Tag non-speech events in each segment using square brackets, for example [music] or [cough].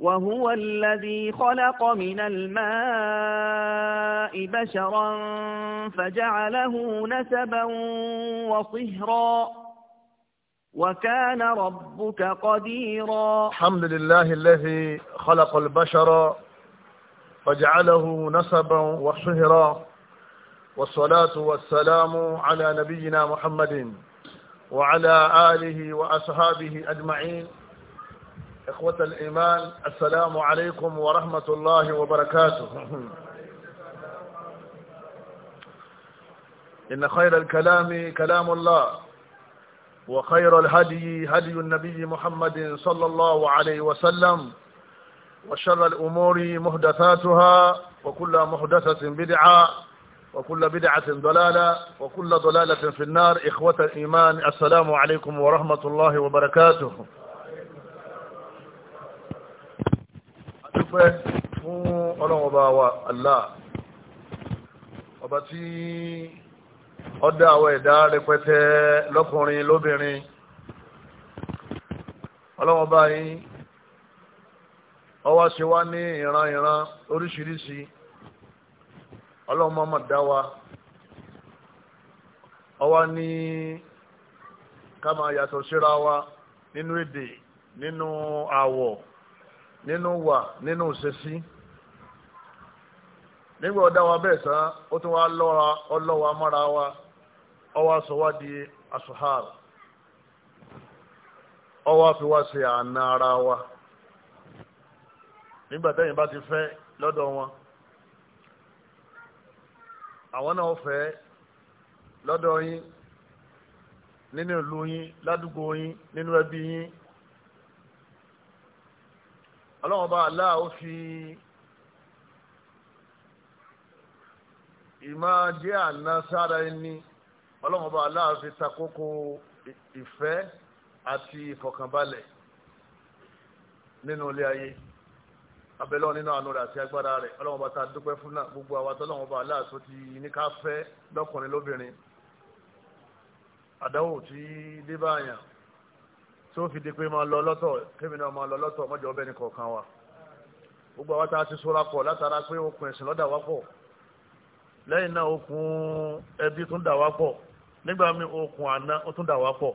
وهو الذي خلق من الماء بشرا فجعله نسبا وصهرا وكان ربك قديرا الحمد لله الذي خلق البشر فجعله نسبا وصهرا والصلاة والسلام على نبينا محمد وعلى آله وأصحابه أجمعين إخوة الإيمان السلام عليكم ورحمة الله وبركاته إن خير الكلام كلام الله وخير الهدي هدي النبي محمد صلى الله عليه وسلم وشر الأمور محدثاتها وكل محدثة بدعة وكل بدعة ضلالة وكل ضلالة في النار إخوة الإيمان السلام عليكم ورحمة الله وبركاته dúpẹ́ fún ọlọ́run ọba wa Allah ọba tí ó dá àwọn ẹ̀dá rẹpẹtẹ lọ́kùnrin lóbìnrin ọlọ́run ọba yìí ó wá ṣe wá ní ìran ìran oríṣiríṣi ọlọ́run mọ́mọ́ dá wa ó wá ní ká máa yàtọ̀ síra wa nínú èdè nínú àwọ̀ nínú wà nínú ṣẹ́sí nígbà ọ̀dá wa bẹ́ẹ̀ sá ó tún wá lọ́ra ọlọ́wà mára wa ọwá sọ wa di asuhar ọwá fi wá ṣe àna ara wa nígbà tẹ́yìn bá ti fẹ́ lọ́dọ̀ wọn àwọn náà fẹ́ lọ́dọ̀ yín nínú ìlú yín ládùúgbò yín nínú ẹbí yín ọlọ́run bá aláà ó fi ìmá jẹ́ àná sára ẹni ọlọ́run bá aláà fi takókò ìfẹ́ àti ìfọ̀kànbalẹ̀ nínú ilé ayé abẹ́lọ́ nínú àánú rẹ̀ àti agbára rẹ̀ ọlọ́run bá ta dúpẹ́ fún náà gbogbo àwọn àtọ́lọ́run bá aláà tó ti ní ká fẹ́ lọ́kùnrin lóbìnrin àdáwò tí dé tó fi di pé máa lọ lọ́tọ̀ kémi náà máa lọ lọ́tọ̀ mọ́jọ ọbẹ̀ ní kọ̀ọ̀kan wa gbogbo àwọn tá a ti sọ́ra pọ̀ látara pé okùn ẹ̀sìn lọ́dà wá pọ̀ lẹ́yìn náà okùn ẹbí tún dà wá pọ̀ nígbà míì okùn àná tún dà wá pọ̀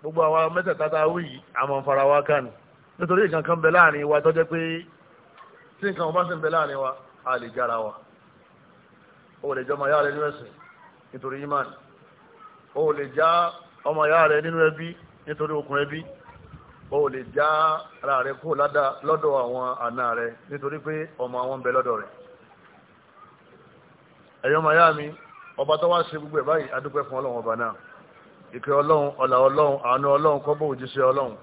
gbogbo àwa mẹ́tẹ̀ẹ̀ta tá a wí yìí àmọ́ ń fara wá ní nítorí nǹkan kan bẹ láàrin wa tó pé tí nǹkan wọn bá sì ń bẹ wa a lè wa lè ọmọ ya rẹ nínú nítorí lè já ọmọ rẹ nínú ẹbí nítorí okùn ẹbí o lè já ara rẹ kó lọ́dọ̀ àwọn àna rẹ nítorí pé ọmọ àwọn ń bẹ lọ́dọ̀ rẹ ẹ̀yọ́ màyá mi ọba tó wá ṣe gbogbo ẹ̀ báyìí adúpẹ́ fún ọlọ́run ọba náà ìkẹ́ ọlọ́run ọ̀là ọlọ́run àánú ọlọ́run kọ́bọ̀ òjíṣẹ́ ọlọ́run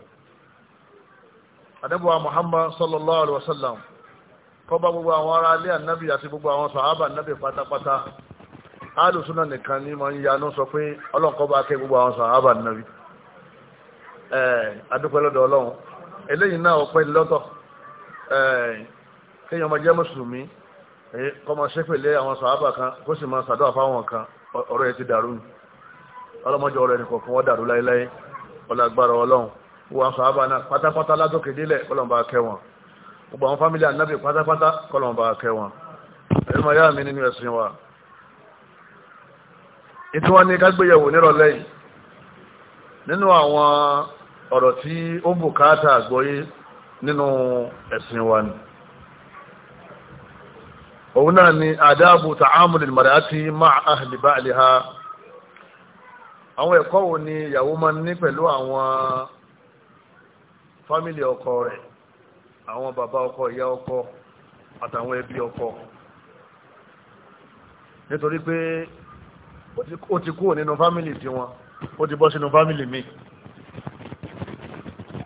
adébọ̀wá Muhammad sallallahu alaihi wasallam gbogbo àwọn ará ilé ànábì àti gbogbo àwọn sàhábà ànábì pátápátá alùsùnà nìkan ní ma ń yanú sọ pé ọlọ́run akẹ́ gbogbo adúpẹ́ ọlọ́run eléyìí náà ọpẹ́ lọ́tọ̀ kéèyàn máa jẹ́ mùsùlùmí kọ́ máa ṣépèlé àwọn sàábà kan kó sì máa ṣàdúrà fáwọn kan ọ̀rọ̀ ti dàrú ni ọlọ́mọjọ ọ̀rọ̀ ẹnìkan fún dàrú láéláé ọlọ́run sàábà náà pátápátá látòkè wọn gbogbo àwọn ànábì pátápátá wọn máa yá mi nínú ẹ̀sìn wa kágbéyẹ̀wò nírọ̀lẹ́yìn nínú àwọn ọ̀rọ̀ tí ó bùkátà àgbọ́yé nínú ẹ̀sìn wa ni òun náà ni àdáàbò ta'amul al-mar'ati ma'a ahli ba'liha àwọn ẹ̀kọ́ wo ni ìyàwó máa ní pẹ̀lú àwọn fámílì ọkọ rẹ̀ àwọn bàbá ọkọ ìyá ọkọ àtàwọn ẹbí ọkọ nítorí pé ó ti kúrò nínú fámílì tiwọn ó ti bọ́ sínú fámílì míì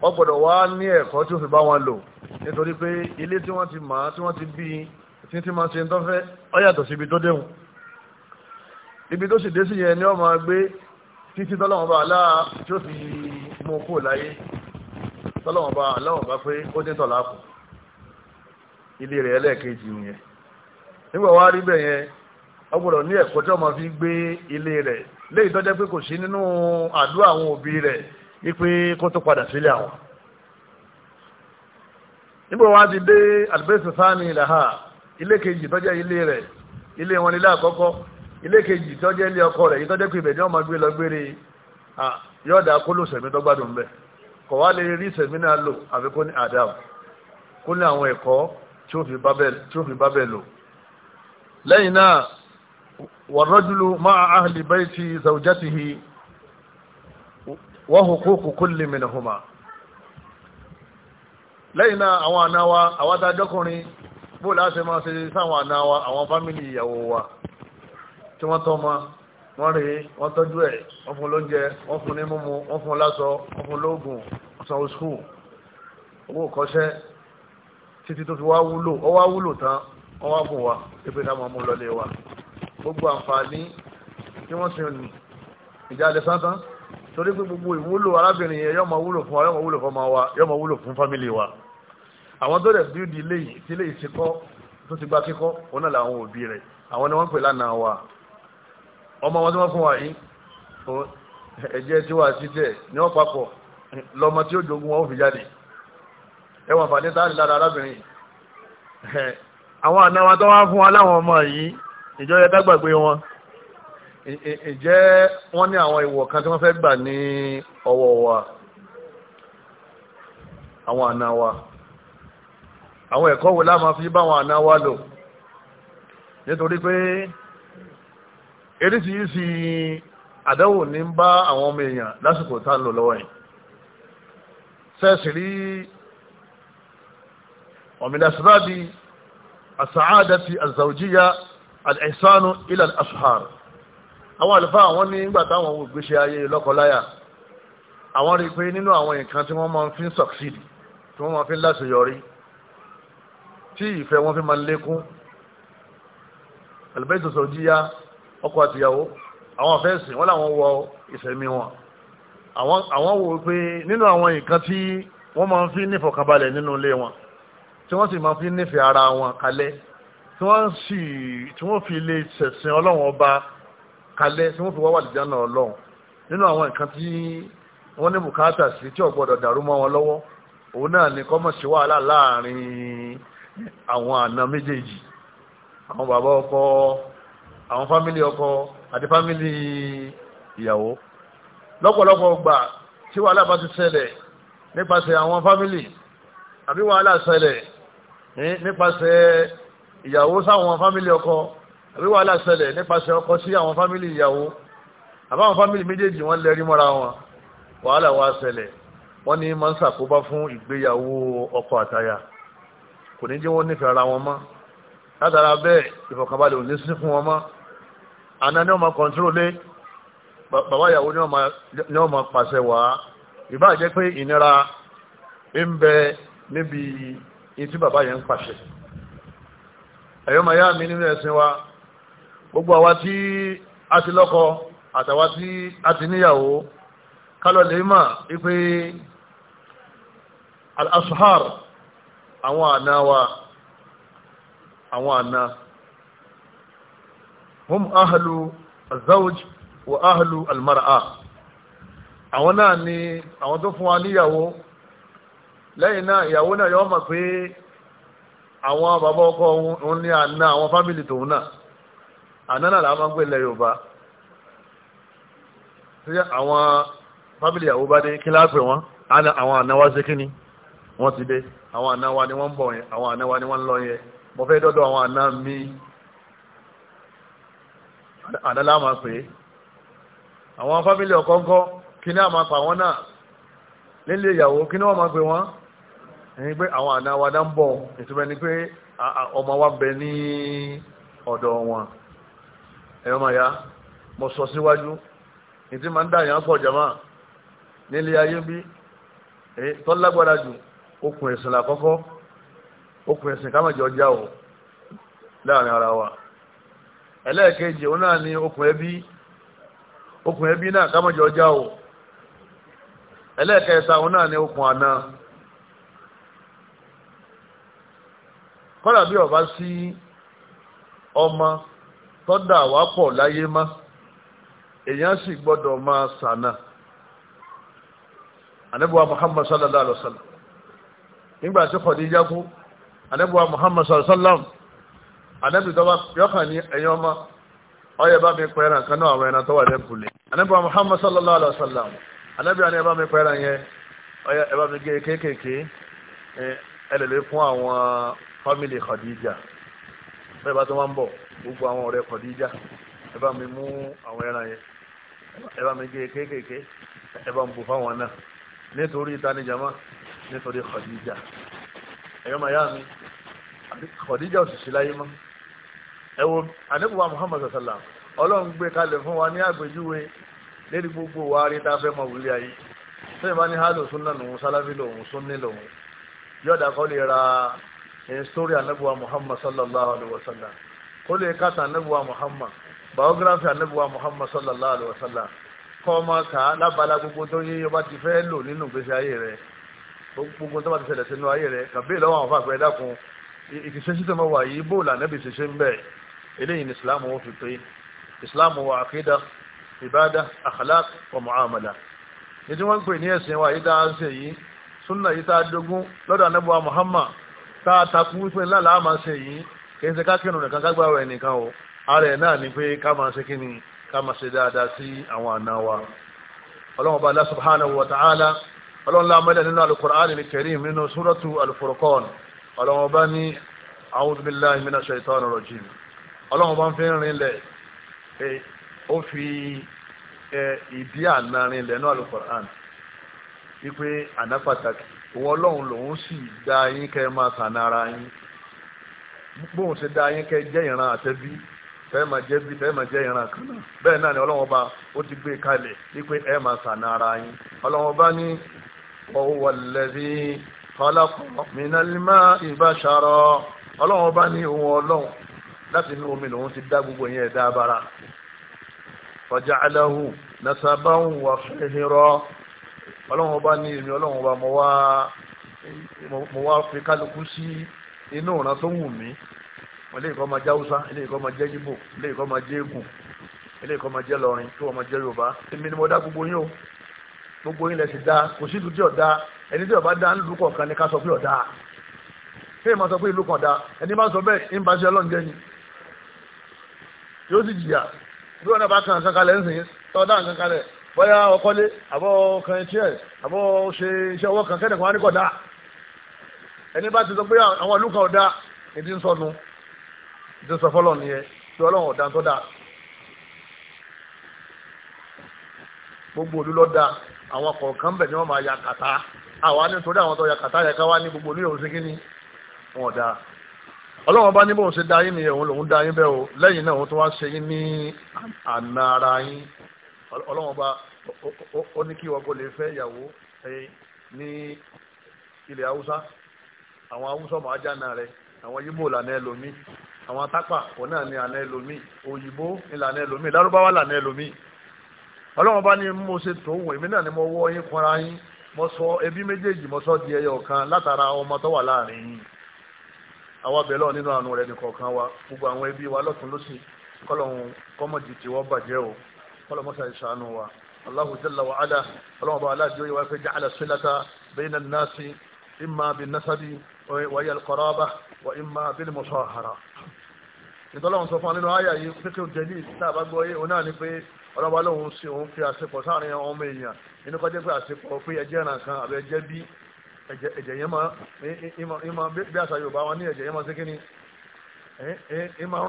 wọ́n gbọ́dọ̀ wá ní ẹ̀kọ́ tí ó fi bá wọn lò nítorí pé ilé tí wọ́n ti mọ̀ á tí wọ́n ti bí tí tí máa ṣe ń tọ́fẹ́ ọ yàtọ̀ sí ibi tó déhùn ibi tó sì dé sí yẹn ni ọ máa gbé títí tọ́lọ́wọ́n bá aláà tí ó fi mú kó láyé tọ́lọ́wọ́n bá aláwọ̀n bá pé ó ní tọ̀lá kù ilé rẹ̀ ẹlẹ́ẹ̀kejì yẹn nígbà wá rí bẹ́ẹ̀ yẹn ọ gbọ́dọ̀ ní ẹ̀kọ́ tí wọ́n máa fi gbé ilé rẹ̀ léyìí tọ́jẹ́ pé kò sí nínú àdúrà àwọn òbí rẹ̀ wípé kó tó padà sílé àwọn nígbà wá ti dé àdìbẹ́sẹ̀ sáàni ìlàhà ilé kejì tó jẹ́ ilé rẹ̀ ilé wọn ilé àkọ́kọ́ ilé kejì tó jẹ́ ilé ọkọ rẹ̀ yìí tó pé ìbẹ̀jọ́ máa gbé lọ gbére yọ̀ọ̀dà kóló sẹ̀mí tó bẹ́ẹ̀ kọ̀ wá lè rí sẹ̀mí náà lò àfi kó ní adam kó ní àwọn ẹ̀kọ́ tí ó fi bá lò lẹ́yìn náà wàrọ́júlù máa ahli bayti zawjatihi wa huququ kulli minhuma lẹ́yìn náà àwọn àna wa àwọn adájọ́kùnrin bó láti máa ṣe sáwọn àna wa àwọn fámìlì ìyàwó wa tí wọ́n tọ́ ma wọ́n rí wọ́n tọ́jú ẹ̀ wọ́n fún lóúnjẹ wọ́n fún ní mímu wọ́n fún láṣọ wọ́n fún lóògùn sanwó skul owó kọ́ṣẹ́ títí tó fi wá wúlò ọ wá wúlò tán wọ́n wá fún wa pípé ká máa mú lọlé wa gbogbo àǹfààní tí wọ́n sì ń ìjà alẹ́ sántán torí pé gbogbo ìwúlò arábìnrin yẹn yọmọ wúlò fún wa yọmọ wúlò fún ọmọ wa yọmọ wúlò fún fámìlì wa àwọn tó dẹ̀ bíúdi ilé yìí tí ilé yìí ti kọ́ tó ti gba kíkọ́ òun náà làwọn òbí rẹ̀ àwọn ni wọ́n ń pè lánàá wa ọmọ wọn tí wọ́n fún wa yìí ẹ̀jẹ̀ tí wà sí tẹ̀ ní wọ́n papọ̀ lọ́mọ tí ó jogun wọn ó fi jáde ẹwọ̀n fàdé táàrí lára arábìnrin àwọn àna wa tó wá fún wa láwọn ọmọ yìí ìjọ yẹ dágbàgbé wọn ǹjẹ́ wọ́n ní àwọn ìwọ̀ kan tí wọ́n fẹ́ gbà ní ọwọ́ wa àwọn àna wa àwọn ẹ̀kọ́ wo la fi bá àwọn àna wa lò nítorí pé eríṣiríṣi àdáwò ní ń bá àwọn ọmọ èèyàn lásìkò tá ń lò lọ́wọ́ yìí sẹ́ẹ̀sì rí ọ̀mìnàṣíláàdì àsàádàtì àzàwòjíyà al-ihsanu ila al àwọn àlùfáà àwọn ní ìgbà táwọn wò gbéṣẹ́ ayé lọ́kọláya àwọn rí i pé nínú àwọn nǹkan tí wọ́n máa fi ń succeed tí wọ́n máa fi ń láṣeyọrí tí ìfẹ́ wọn fi máa ń lékún àlùbẹ́sì sọ̀rọ̀ jíyá ọkọ àtìyàwó àwọn afẹ́sìn wọ́n làwọn wọ ìṣẹ̀mí wọn àwọn wò pé nínú àwọn nǹkan tí wọ́n máa fi nífọ̀kànbalẹ̀ nínú ilé wọn tí wọ́n sì máa fi nífẹ̀ẹ́ ara wọn kalẹ̀ tí wọ́n sì tí wọ́n fi lè ṣẹ̀sìn ọlọ́run ọba kalẹ̀ tí wọ́n fi wá wà lìjánà ọlọ́run nínú àwọn nǹkan tí wọ́n ní bùkátà sí tí ò gbọ́dọ̀ dàrú mọ́ wọn lọ́wọ́ òun náà ni kó má sí wàhálà láàrin àwọn àna méjèèjì àwọn bàbá ọkọ àwọn fámílì ọkọ àti fámílì ìyàwó lọ́pọ̀lọpọ̀ gbà tí wàhálà bá ti ṣẹlẹ̀ nípasẹ̀ àwọn fámílì àbí wàhálà ṣẹlẹ̀ eh, nípasẹ̀ ìyàwó sáwọn fámílì ọkọ àbí wàhálà ṣẹlẹ̀ nípasẹ̀ ọkọ sí àwọn fámìlì ìyàwó àbáwọn fámìlì méjèèjì wọ́n lẹ́rí mọ́ra wọn wàhálà wá ṣẹlẹ̀ wọ́n ní máa ń ṣàkóbá fún ìgbéyàwó ọkọ àtaya kò ní jẹ́ wọ́n nífẹ̀ẹ́ ara wọn mọ́ látara bẹ́ẹ̀ ìfọ̀kànbalẹ̀ ò ní sí fún wọn mọ́ àná ni wọ́n máa kọ̀ntúrólé bàbá ìyàwó ni wọ́n máa pàṣẹ wá ìbá jẹ́ pé ìnira ń bẹ níbi ìtí bàbá yẹn ń pàṣẹ ẹ̀yọ́ màá yá mi nínú ẹ̀sìn wa gbogbo àwa tí a ti lọ́kọ àtàwa tí a ti níyàwó kálọ̀ lè mà wípé al-ashar àwọn àna wa àwọn àna hum ahlu azawj wa ahlu almar'a àwọn náà ni àwọn tó fún wa níyàwó lẹ́yìn náà ìyàwó náà yọ́ mọ̀ pé àwọn bàbá ọkọ òun ní àna àwọn fámìlì tòun náà ànánà làwọn máa ń gbé ilẹ̀ yorùbá tí àwọn fámìlì ìyàwó bá dé kí láàpẹ wọn àwọn ànáwá ṣe kí ni wọ́n ti dé àwọn ànáwá ni wọ́n ń bọ̀ yẹn àwọn ànáwá ni wọ́n ń lọ yẹn mo fẹ́ dọ́dọ̀ àwọn àná mi àná láwọn máa pè é àwọn fámìlì ọ̀kọ́ńkọ́ kí ni àwọn máa pa àwọn náà nílé ìyàwó kí ni wọ́n máa pè wọ́n ẹni pé àwọn àná dá ń bọ̀ ìtumẹ̀ ni pé ọmọ wa bẹ ní ọ̀dọ̀ wọn. ẹ̀yọ́ máa ya mo sọ síwájú ìdí jama nílé ayé bí tó lágbára jù okùn ẹ̀sìn làkọ́kọ́ okùn ẹ̀sìn kámẹ́jọ já o láàrin ara wa ẹlẹ́ẹ̀kejì òun náà ni okùn ẹbí okùn ẹbí náà kámẹ́jọ já o ẹlẹ́ẹ̀kẹta òun náà ni okùn àná ọba sí ọmọ. tọ́dà wá pọ̀ láyé má èèyàn sì gbọ́dọ̀ máa sànà anabuwa muhammad sallallahu alaihi wasallam nígbà tí Khadija kú anabuwa muhammad sallallahu alaihi wasallam anabi tó bá yọkàn ní ẹ̀yàn ọmọ ọyẹ bá mi pẹ́ ẹran kanáà àwọn ẹran tó wà lẹ́kùnlé muhammad sallallahu alaihi wasallam anabi àni ẹ mi pẹ́ ẹran yẹn ọyẹ mi gé kéékèèké ẹ lè fún àwọn fámìlì Khadija bẹ́ẹ̀ bá tó wá ń bọ̀ gbogbo àwọn ọ̀rẹ́ Khadija ẹ bá mi mú àwọn ẹran yẹn ẹ bá mi gé kéékèèké ẹ bá ń bù fáwọn náà nítorí ìtanijàmá nítorí Khadija ẹ̀yọ́ màyá mi Khadija òṣìṣẹ́ láyé mọ́ ẹ wo àníbùwà Muhammad sallam ọlọ́run gbé kalẹ̀ fún wa ní àgbèjúwe lérí gbogbo wa rí tá a fẹ́ mọ wílé ayé sẹ́yìn bá ní hálò súnà lòun sálábí lòun súnni lòun yọ̀dà kọ́ lè ra sórí anabuwa muhammad sallallahu alaihi wasallam kó lè kàtà anabuwa muhammad biography anabuwa muhammad sallallahu alaihi wasallam kọ́ ọmọ ká lábala gbogbo tó yẹ yọba ti fẹ́ lò nínú ìgbésí ayé rẹ gbogbo tó bá ti ṣẹlẹ̀ sínú ayé rẹ kàbí ìlọ́wọ́ àwọn afáàpẹ́ dákun ìkìṣẹ́sí tó máa wà yìí bóòlù ànábì ṣe ṣe ń bẹ̀ eléyìí ni islam wọ́n fi pé islam wa àkídà ìbádà akhlaq wa muamala ní tí wọ́n pè ní ẹ̀sìn wa yìí dáa ń yìí sunna yìí tá a dógún lọ́dọ̀ anabuwa muhammad tá a takú wípé ńlá làá máa ṣe yìí kì í ṣe ká kírun nìkan kágbá rẹ̀ nìkan o ara ẹ̀ náà ni pé ká máa ṣe kíni ká máa ṣe dáadáa sí àwọn àna wa ọlọ́run ọba Allah subhanahu wa ta'ala ọlọ́run lámọ́lẹ̀ nínú al-Qur'an al-Karim nínú súrọ́tù al òun ọlọ́run lòun sì dá yín kẹ́ máa sànà ara yín bóun ṣe dá yín kẹ́ jẹ́ ìran àtẹ́bí fẹ́ẹ́ máa jẹ́ bí fẹ́ẹ́ máa jẹ́ ìran kan náà bẹ́ẹ̀ náà ni ọlọ́run ọba ó ti gbé kalẹ̀ wípé ẹ máa sànà ara yín ọlọ́run ọba ní ọwọ́ lẹ́bí khalaqo minal ọlọ́run ọba ní òun ọlọ́run láti inú omi lòun ti dá gbogbo yẹn dá abara faja'alahu nasaban wa fihira ọlọ́run ọba ní èmi ọlọ́run ọba mo wá mo wá fi kálukú sí inú ìran tó wù mí eléyìí kọ́ máa jẹ́ haúsá eléyìí kọ́ máa jẹ́ yíbò eléyìí kọ́ máa jẹ́ ègùn eléyìí kọ́ máa jẹ́ lọ́rin tó wọ́n máa jẹ́ yorùbá èmi ni mo dá gbogbo yín o gbogbo yín lẹ sì dá kò sí ìlú ọ̀dá ẹni tí ọ̀bá dá ń lù kọ̀ọ̀kan ni ká sọ pé ọ̀dá kéèyàn máa sọ pé ìlú kan dá ẹni máa sọ bẹ́ẹ̀ ń bá ṣe ọlọ́njẹ́ ni yóò sì jìyà bí wọn náà bá kàn kankalẹ̀ ń sìn tọ́ dá kankalẹ̀ bóyá ọkọ́lé àbọ̀ kan tiẹ̀ àbọ̀ ṣe iṣẹ́ ọwọ́ kan kẹ́nìkan á ní kọ̀ dá ẹni bá ti sọ pé àwọn ìlú kan ò dá ìdí ń sọnu ìdí ń sọ fọlọ́ nìyẹn tí ọlọ́run ọ̀dà tó dá gbogbo òlu lọ dá àwọn kọ̀ọ̀kan bẹ̀ ni wọ́n máa ya kàtá àwa nítorí àwọn tó ya kàtá yẹ ká wá ní gbogbo olú yòó sí kíní wọn ọ̀dà ọlọ́run bá ní bóun ṣe dá yín nìyẹn òun lòun dá yín bẹ́ẹ̀ o lẹ́yìn náà òun tó wá ṣe yín ní àna ara yín ọlọ́wọ́n bá ó ní kí ọkọ lè fẹ́ ìyàwó ní ilẹ̀ haúsá àwọn haúsá ọmọ ajá náà rẹ àwọn yíbò lànà ẹlòmí àwọn atápà wọn náà ní àná ẹlòmí òyìnbó ní lànà ẹlòmí lárúbáwá lànà ẹlòmí ọlọ́wọ́n bá ní mo ṣe tó wọ̀ èmi náà sọ méjèèjì mo sọ di ẹyọ kan látara ọmọ tó wà láàrin yín àwa bẹ̀rẹ̀ nínú wa gbogbo àwọn ẹbí wa lọ́tún lọ́sìn kọ́lọ́hún kọ́mọ̀jì o kọlọmọsà ìṣàánú wa Allahu jalla wa ala ọlọ́mọba aláàjọ yìí wá fẹ́ ja'ala silata bayna an-nasi imma bin-nasabi wa hiya al-qaraba wa imma bil-musahara ìtọ́lọ́run sọ fún wa nínú àyà yìí fíkẹ́ òjẹ́lì tàbá gbọ́ yé òun náà ni pé ọlọ́ba lóun sí òun fi àṣepọ̀ sáàrin ọmọ èèyàn inú kọjá pé àṣepọ̀ pé ẹ̀jẹ̀ ẹ̀ràn kan àbẹ̀ ẹ̀jẹ̀ bí ẹ̀jẹ̀ yẹn máa bí àṣà Yorùbá wọn ní ẹ̀jẹ̀ yẹn máa ṣe kíni ẹ̀ máa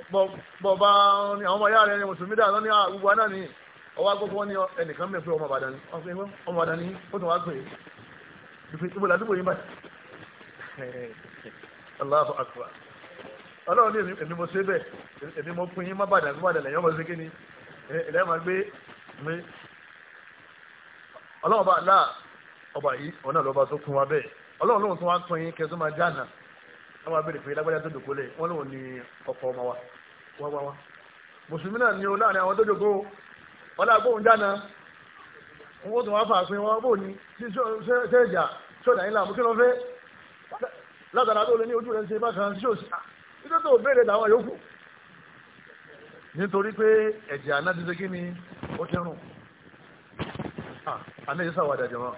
bọ̀bá ni àwọn ọmọ yára rẹ̀ ni mùsùlùmí dáa lọ́ní àgbogbo aná ni ọwọ́ agbógbó wọn ni ẹnìkan mẹ́ fún ọmọ àbàdàn ni ọmọ àbàdàn ni ó tún wá pè é ìfẹ́ ìbò làdúgbò yín báyìí Allahu akbar ọlọ́run ní èmi mo ṣe bẹ́ẹ̀ èmi mo pin yín má bàdàn má bàdàn lẹ́yìn ọmọ ṣe kí ni ilẹ̀ máa gbé mi ọlọ́run bá láà ọba yìí ọ̀nà lọ́ba tó kún wa bẹ́ẹ̀ ọlọ́run lóhun tó wá pin yín kẹsàn àwọn abẹ́rẹ́ fèrè lágbájá tó dòkó lẹ̀ wọ́n lòun ní ọkọ̀ ọmọ wa wá wá wá mùsùlùmí náà ni o láàrin àwọn tó dòkó ọlá gbóhùn jáná wọ́n tún wá fàáfin wọn bò ní sí sẹ́ẹ̀jà sọ́dà yín làmú kí ló fẹ́ látara tó lé ní ojú rẹ̀ ń ṣe bákan sí òsì nítorí tó béèrè làwọn yòókù nítorí pé ẹ̀jẹ̀ àná ti ṣe kí ni ó ti rùn àná yìí sàwádà jẹ̀mọ́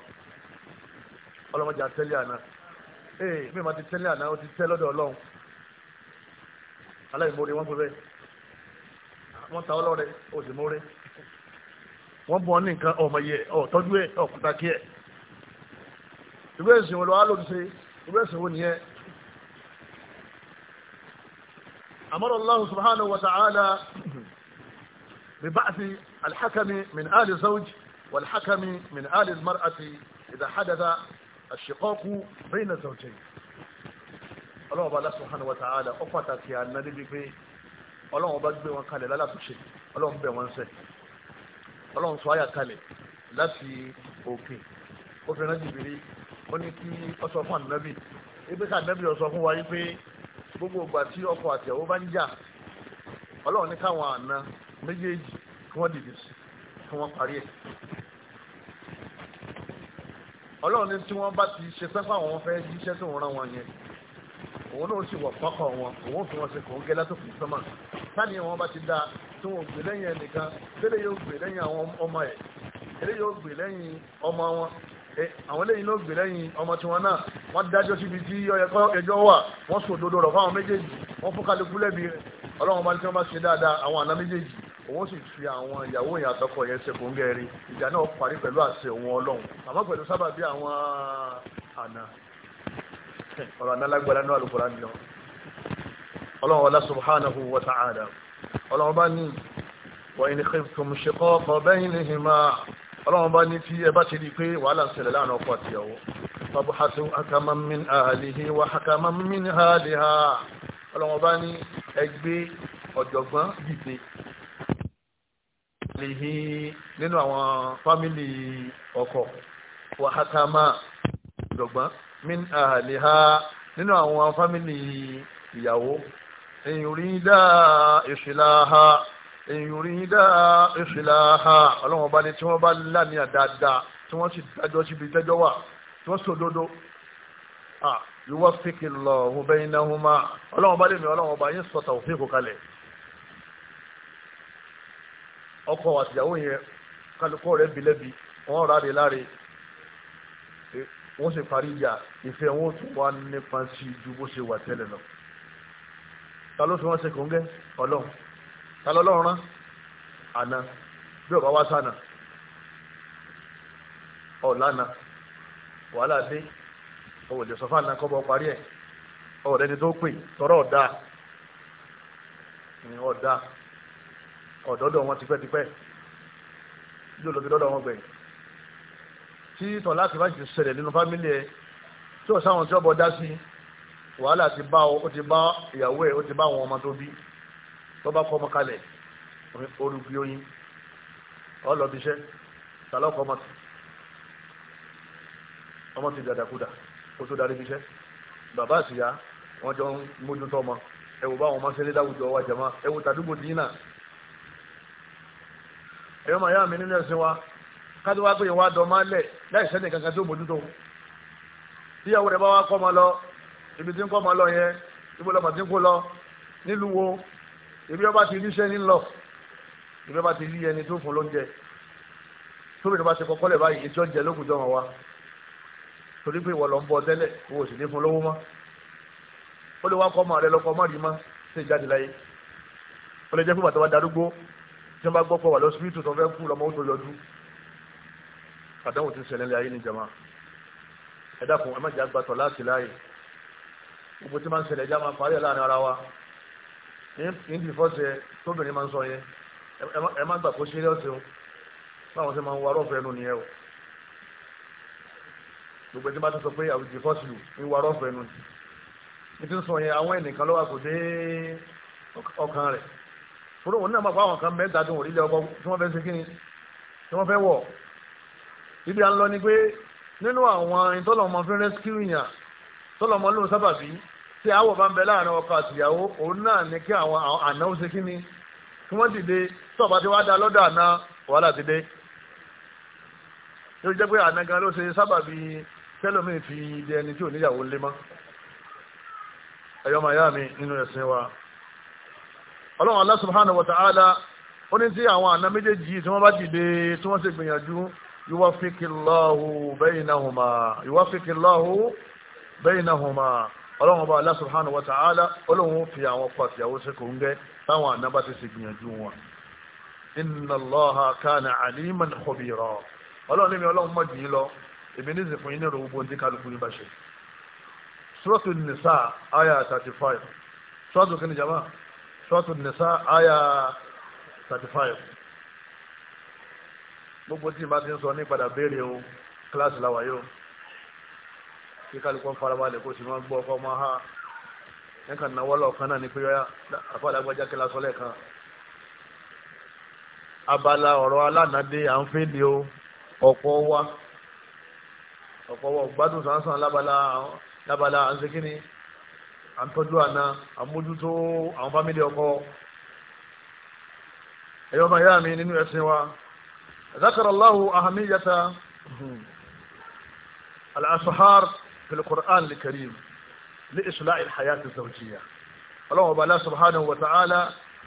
ọlọ́mọdé àtẹ́lẹ̀ àná ee mi ma ti tẹ́lẹ̀ àná o ti tẹ́ lọ́dọ̀ ọlọ́run aláìmoore wọ́n pe bẹ́ẹ̀ wọ́n ta ọlọ́rẹ̀ o sì moore wọ́n bọ̀ ní nǹkan ọmọ yẹ ọ tọ́jú ẹ ọ pàtàkì ẹ ìwé ẹ̀sìn wo lọ wá lòdì sí ìwé ẹ̀sìn wo nìyẹn amara Allahu subhanahu wa ta'ala ببعث الحكم من آل الزوج والحكم من آل المرأة إذا حدث àṣekọ́kú bẹ́ẹ̀ náà sọ̀tẹ̀ ọlọ́run ọba subhanahu wa ta'ala ó pàtàkì àná níbi pé ọlọ́run ọba gbé wọn kalẹ̀ lálàtúnṣe ọlọ́run bẹ̀ wọ́n sẹ̀ ọlọ́run sọ àyà kalẹ̀ láti òkè ó fi rán jìbìrì ó ní kí ó sọ fún ànábì ebi ká ànábì ó sọ fún wa yí pé gbogbo ìgbà tí ọkọ àtìyàwó bá ń jà ọlọ́run ní káwọn àna méjèèjì kí wọ́n dìde sí kí wọ́n parí ẹ̀ ọlọ́run ní tí wọ́n bá ti ṣe sẹ́fà wọn fẹ́ yíṣẹ́ tó ń rán wọn yẹn òun náà sì wọ̀ pákọ̀ wọn òun fi wọn ṣe kò ń gẹ́ látòkì sọ́mà sáni wọn bá ti da tí wọn ò gbè lẹ́yìn ẹnìkan tẹ́lẹ̀ yóò gbè lẹ́yìn àwọn ọmọ ẹ̀ tẹ́lẹ̀ yóò gbè lẹ́yìn ọmọ wọn e, àwọn lẹ́yìn ló gbè lẹ́yìn ọmọ tiwọn náà wọ́n dájọ́ síbi tí ẹjọ́ wà wọ́n sòdodo rọ̀ fáwọn méjèèjì wọ́n fún kálukú lẹ́bi ọlọ́run bá ní tí wọ́n bá ṣe dáadáa àwọn àná méjèèjì òun sì fi àwọn ìyàwó yẹn àtọkọ yẹn ṣe kóńgẹ́ rí ìjà náà parí pẹ̀lú àṣẹ òun ọlọ́run àmọ́ pẹ̀lú sábà bí àwọn àna ọ̀rọ̀ àná lágbára náà lùkọ́ra ni ọlọ́run ọlá subhanahu wa ta'ala ọlọ́run bá ní wa in khiftum shiqaqa baynihima ọlọ́run bá ní tí ẹ bá ti rí pé wàhálà ń ṣẹlẹ̀ ọkọ àti ìyàwó fàbùhàtù hakaman min ahlihi wa hakaman min ahliha ọlọ́run bá ní ẹgbẹ́ ọ̀jọ̀gbọ́n dìde alihi nínú àwọn fámìlì ọkọ wa hakama dọgbọn min ahaliha nínú àwọn fámìlì ìyàwó ìyùrídà ìṣìláha ìyùrídà ìṣìláha ọlọ́wọ́n bá ní tí wọ́n bá lánìyàn dáadáa tí wọ́n sì dájọ́ síbi tẹ́jọ́ wà tí wọ́n sòdodo ah, yuwaffiqillahu baynahuma ọlọ́wọ́n bá lè mi ọlọ́wọ́n bá yín sọ tawfiq kalẹ̀ ọkọ àtìyàwó yẹn kálukọ rẹ bilẹbi wọn rà rẹ láre wọn sì parí ìjà ìfẹ́ wọn tún wà nípa sí ju bó ṣe wà tẹ́lẹ̀ lọ ta ló fi wọn ṣe kòńgẹ́ Ọlọ́run ta lọ lọrun rán àná bí ọba wá sànà ọlànà wàhálà dé òwòlè sọfà náà kọ́ bọ́ parí ẹ̀ ọ̀rẹ́ni tó pè tọrọ ọ̀dà ni ọ̀dà ọ̀dọ́dọ̀ wọn tipẹ́tipẹ́ yóò lọ bí dọ́dọ̀ wọn gbẹ̀yìn tí tọ̀ láti bá ti ṣẹlẹ̀ nínú fámílì ẹ tí ò sáwọn tí ọbọ̀ dá sí wàhálà ti bá ọ ti bá ìyàwó ẹ ó ti bá àwọn ọmọ tó bí tó bá kọ́ ọmọ kalẹ̀ orúkú oyin ọlọ́bíṣẹ́ tàlọ́kọ́ ọmọ ti ọmọ ti dàdàkúdà kó tó darí bíṣẹ́ bàbá àṣìyá wọ́n jọ ń mójútó ọmọ ẹ̀wò báwọn ọmọ ṣẹlẹ̀ láwùjọ wa jẹ̀mọ́ ẹ̀wò tàdúgbò dínà ẹ̀yọ́ màá yá mi nínú ẹ̀sìn wa káàdì wá pé ìwà dọ̀ọ́ máa lẹ̀ láì sẹ́ni kankan tó mójútó tíyàwó rẹ̀ bá wá kọ́ ọmọ lọ ibi tí ń kọ́ ọmọ lọ yẹn ibo lọmọ tí ń kó lọ nílùú wo ibi ọba ti ríṣẹ́ ní lọ ibi ọba ti rí ẹni tó fún lóúnjẹ tóbi ní bá ti kọ́kọ́ lẹ̀ báyìí ètò oúnjẹ lókùjọ́ wọn wá torí pé ìwọ lọ ń bọ tẹ́lẹ̀ owó sì ní fún lówó mọ́ ó lè wá kọ́ ọmọ rẹ lọ́kọ́ ọmọ mọ́ sí ìjáde láyé ó lè jẹ́ pé bàtà wa darúgbó tí wọ́n bá gbọ́ pọ̀ wà lọ́sibítù tó fẹ́ kú lọ́mọ tó yọjú àdánwò ti ṣẹlẹ̀ ní ayé ní jama ẹ dákun ẹ má jẹ́ àgbàtọ̀ láti láàyè gbogbo tí máa ń ṣẹlẹ̀ já máa parí ẹ̀ láàrin ara wa ní ti fọ́sẹ̀ tóbìnrin máa ń sọ yẹn ẹ má gbà kó ṣeré ọ̀sẹ̀ báwọn ṣe máa ń warọ́ fẹ́ nu nìyẹn o gbogbo tí máa ti sọ pé àwùjọ fọ́sẹ̀ lù ń warọ́ fẹ́ nu ní ti sọ yẹn àwọn ẹnìkan lọ́wọ́ kò ọkàn rẹ̀ tóró wọn náà máa fáwọn kan mẹ́ta tó wọ́n rí lé ọkọ tí wọ́n fẹ́ ṣe kíni tí wọ́n fẹ́ wọ̀ ibi à ń lọ ni pé nínú àwọn ìtọ́lọ̀mọ fún rescue yàn tọ́lọ̀mọ lóun sábàbí tí àwọ̀ bá ń bẹ láàrin ọkọ àtìyàwó òun náà ní kí àwọn àná ó ṣe kíni kí wọ́n dìde tọ́ọ̀bá ti wá dá lọ́dọ̀ àná wàhálà ti dé yóò jẹ́ pé àná gan ló ṣe sábàbí tẹ́lómi fi jẹ ẹni tí ò ọlọ́run Allah subhanahu wa ta'ala ó ní sí àwọn àna méjèèjì tí wọ́n bá dìde tí wọ́n sì gbìyànjú yuwafikillahu baynahuma yuwafikillahu baynahuma ọlọ́run bá Allah subhanahu wa ta'ala ọlọ́run fi àwọn pàtì àwọn sẹ́kọ̀ọ́ ń gẹ́ táwọn àna bá ti sì gbìyànjú wọn inna allaha kana aliman khobira ọlọ́run ní mi ọlọ́run mọ̀ jù yín sọ́ọ̀tù nìsa àyà thirty five gbogbo tí ìbá ti ń sọ ní padà béèrè o kíláàsì làwà yóò kí kálukọ́ farabalẹ̀ kó sì máa gbọ́ ọkọ máa ha nǹkan náwó lọ́ọ̀kan náà ní pé yọ́yá àfọwọ́dà gbọ́jà kíláàsì ọlẹ́ẹ̀kan abala ọ̀rọ̀ alánàdé à ń fèdè o ọ̀pọ̀ wa ọ̀pọ̀ wa gbádùn sánsan lábala à ń ṣe kí ni à ń tọ́jú àna à ń mójútó àwọn fámìlì ọkọ ẹ̀yọ́ ọmọ ìyá mi nínú ẹ̀sìn wa zakara Allahu ahamiyata al-ashhar fi al-Qur'an al-Karim li isla' al-hayat az-zawjiyya ọlọ́run ọba Allah subhanahu wa ta'ala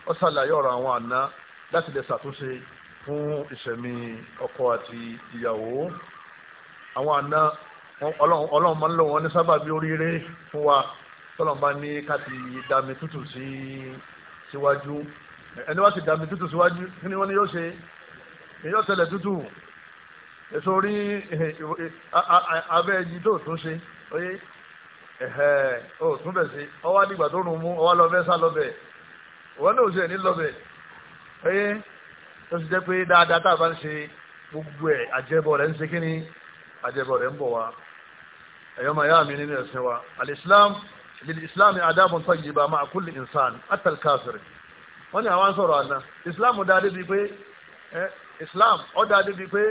ọ̀rọ̀ àwọn àna láti lè ṣàtúnṣe fún ìṣẹ̀mí ọkọ àti ìyàwó àwọn àna ọlọ́run máa ń lò wọ́n ní sábàbí oríire fún wa tọ́lọ̀mbá ní káti dami tútù sí síwájú ẹni wá ti dami tútù síwájú kí ni wọ́n ní yóò ṣe yóò tẹ̀lẹ̀ tútù èso rí abẹ́ ẹyí tó tún ṣe oyé ẹ̀hẹ́ ó tún bẹ̀ sí ọwọ́ àdìgbà tó rùn mú ọwọ́ lọ́bẹ̀ sá lọ́bẹ̀ wọ́n náà ṣe ní lọ́bẹ̀ oyé tó ti jẹ́ pé dáadáa tá a bá ń ṣe gbogbo ẹ̀ àjẹbọ rẹ̀ ń ṣe kí ni àjẹbọ rẹ̀ ń bọ̀ wá ẹ̀yọ́ màá yá mi nínú ẹ̀sìn wa alìsílámù lil-islami adabun tayyiba ma'a kulli insan hatta al-kafir wọ́n ní àwọn sọ̀rọ̀ àná islam dá débi pé islam ó dá débi pé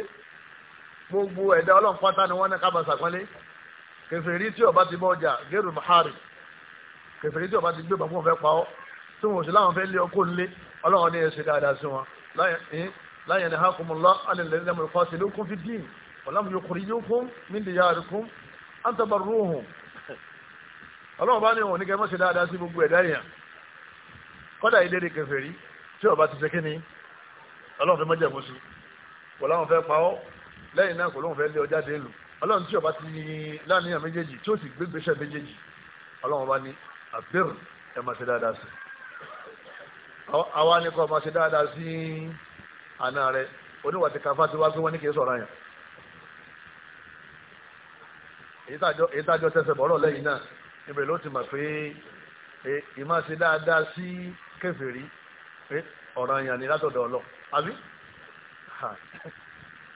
gbogbo ẹ̀dá ọlọ́run pátá ni wọ́n ní kábà sàpọ́nlé kèfèrí tí ó bá ti bọ́ ọjà gẹ́rù mahari kèfèrí tí ó bá ti gbé bàbá fẹ́ pa ọ́ tí wọn ò sí láwọn fẹ́ lé ọkọ̀ nílé ọlọ́run ní ẹ̀sìn dáadáa sí wọn la yanhakumullahu anil ladhina yuqatilukum fid-din wa lam yukhrijukum min diyarikum an tabarruhum ọlọ́run bá ní òun ní kẹ́ mọ́ ṣe dáadáa sí gbogbo ẹ̀dá èèyàn kọ́dà ilé de kèfèrí tí ọba ti ṣe kí ni ọlọ́run fẹ́ mọ́jẹ̀mú sí wọ́n láwọn fẹ́ pa ọ́ lẹ́yìn náà kò lóun fẹ́ lé ọjà dé lù ọlọ́run tí ọba ti láàníyàn méjèèjì tí ó sì gbé gbèsè méjèèjì ọlọ́run bá ní àbẹ̀rù ẹ̀ máa ṣe dáadáa sí àwa ni kọ́ máa ṣe dáadáa sí àna rẹ oníwà ti kàfá tí wá pé wọ́n ní kì í sọ̀rọ̀ àyàn èyí tàjọ tẹsẹ̀ bọ̀rọ̀ lẹ́yìn náà ibẹ̀ ló ti mọ̀ pé e, ìmọ̀ ṣe dáadáa sí kèfèrí e, ọ̀ràn yàn ní látọ̀dọ̀ ọlọ́ àbí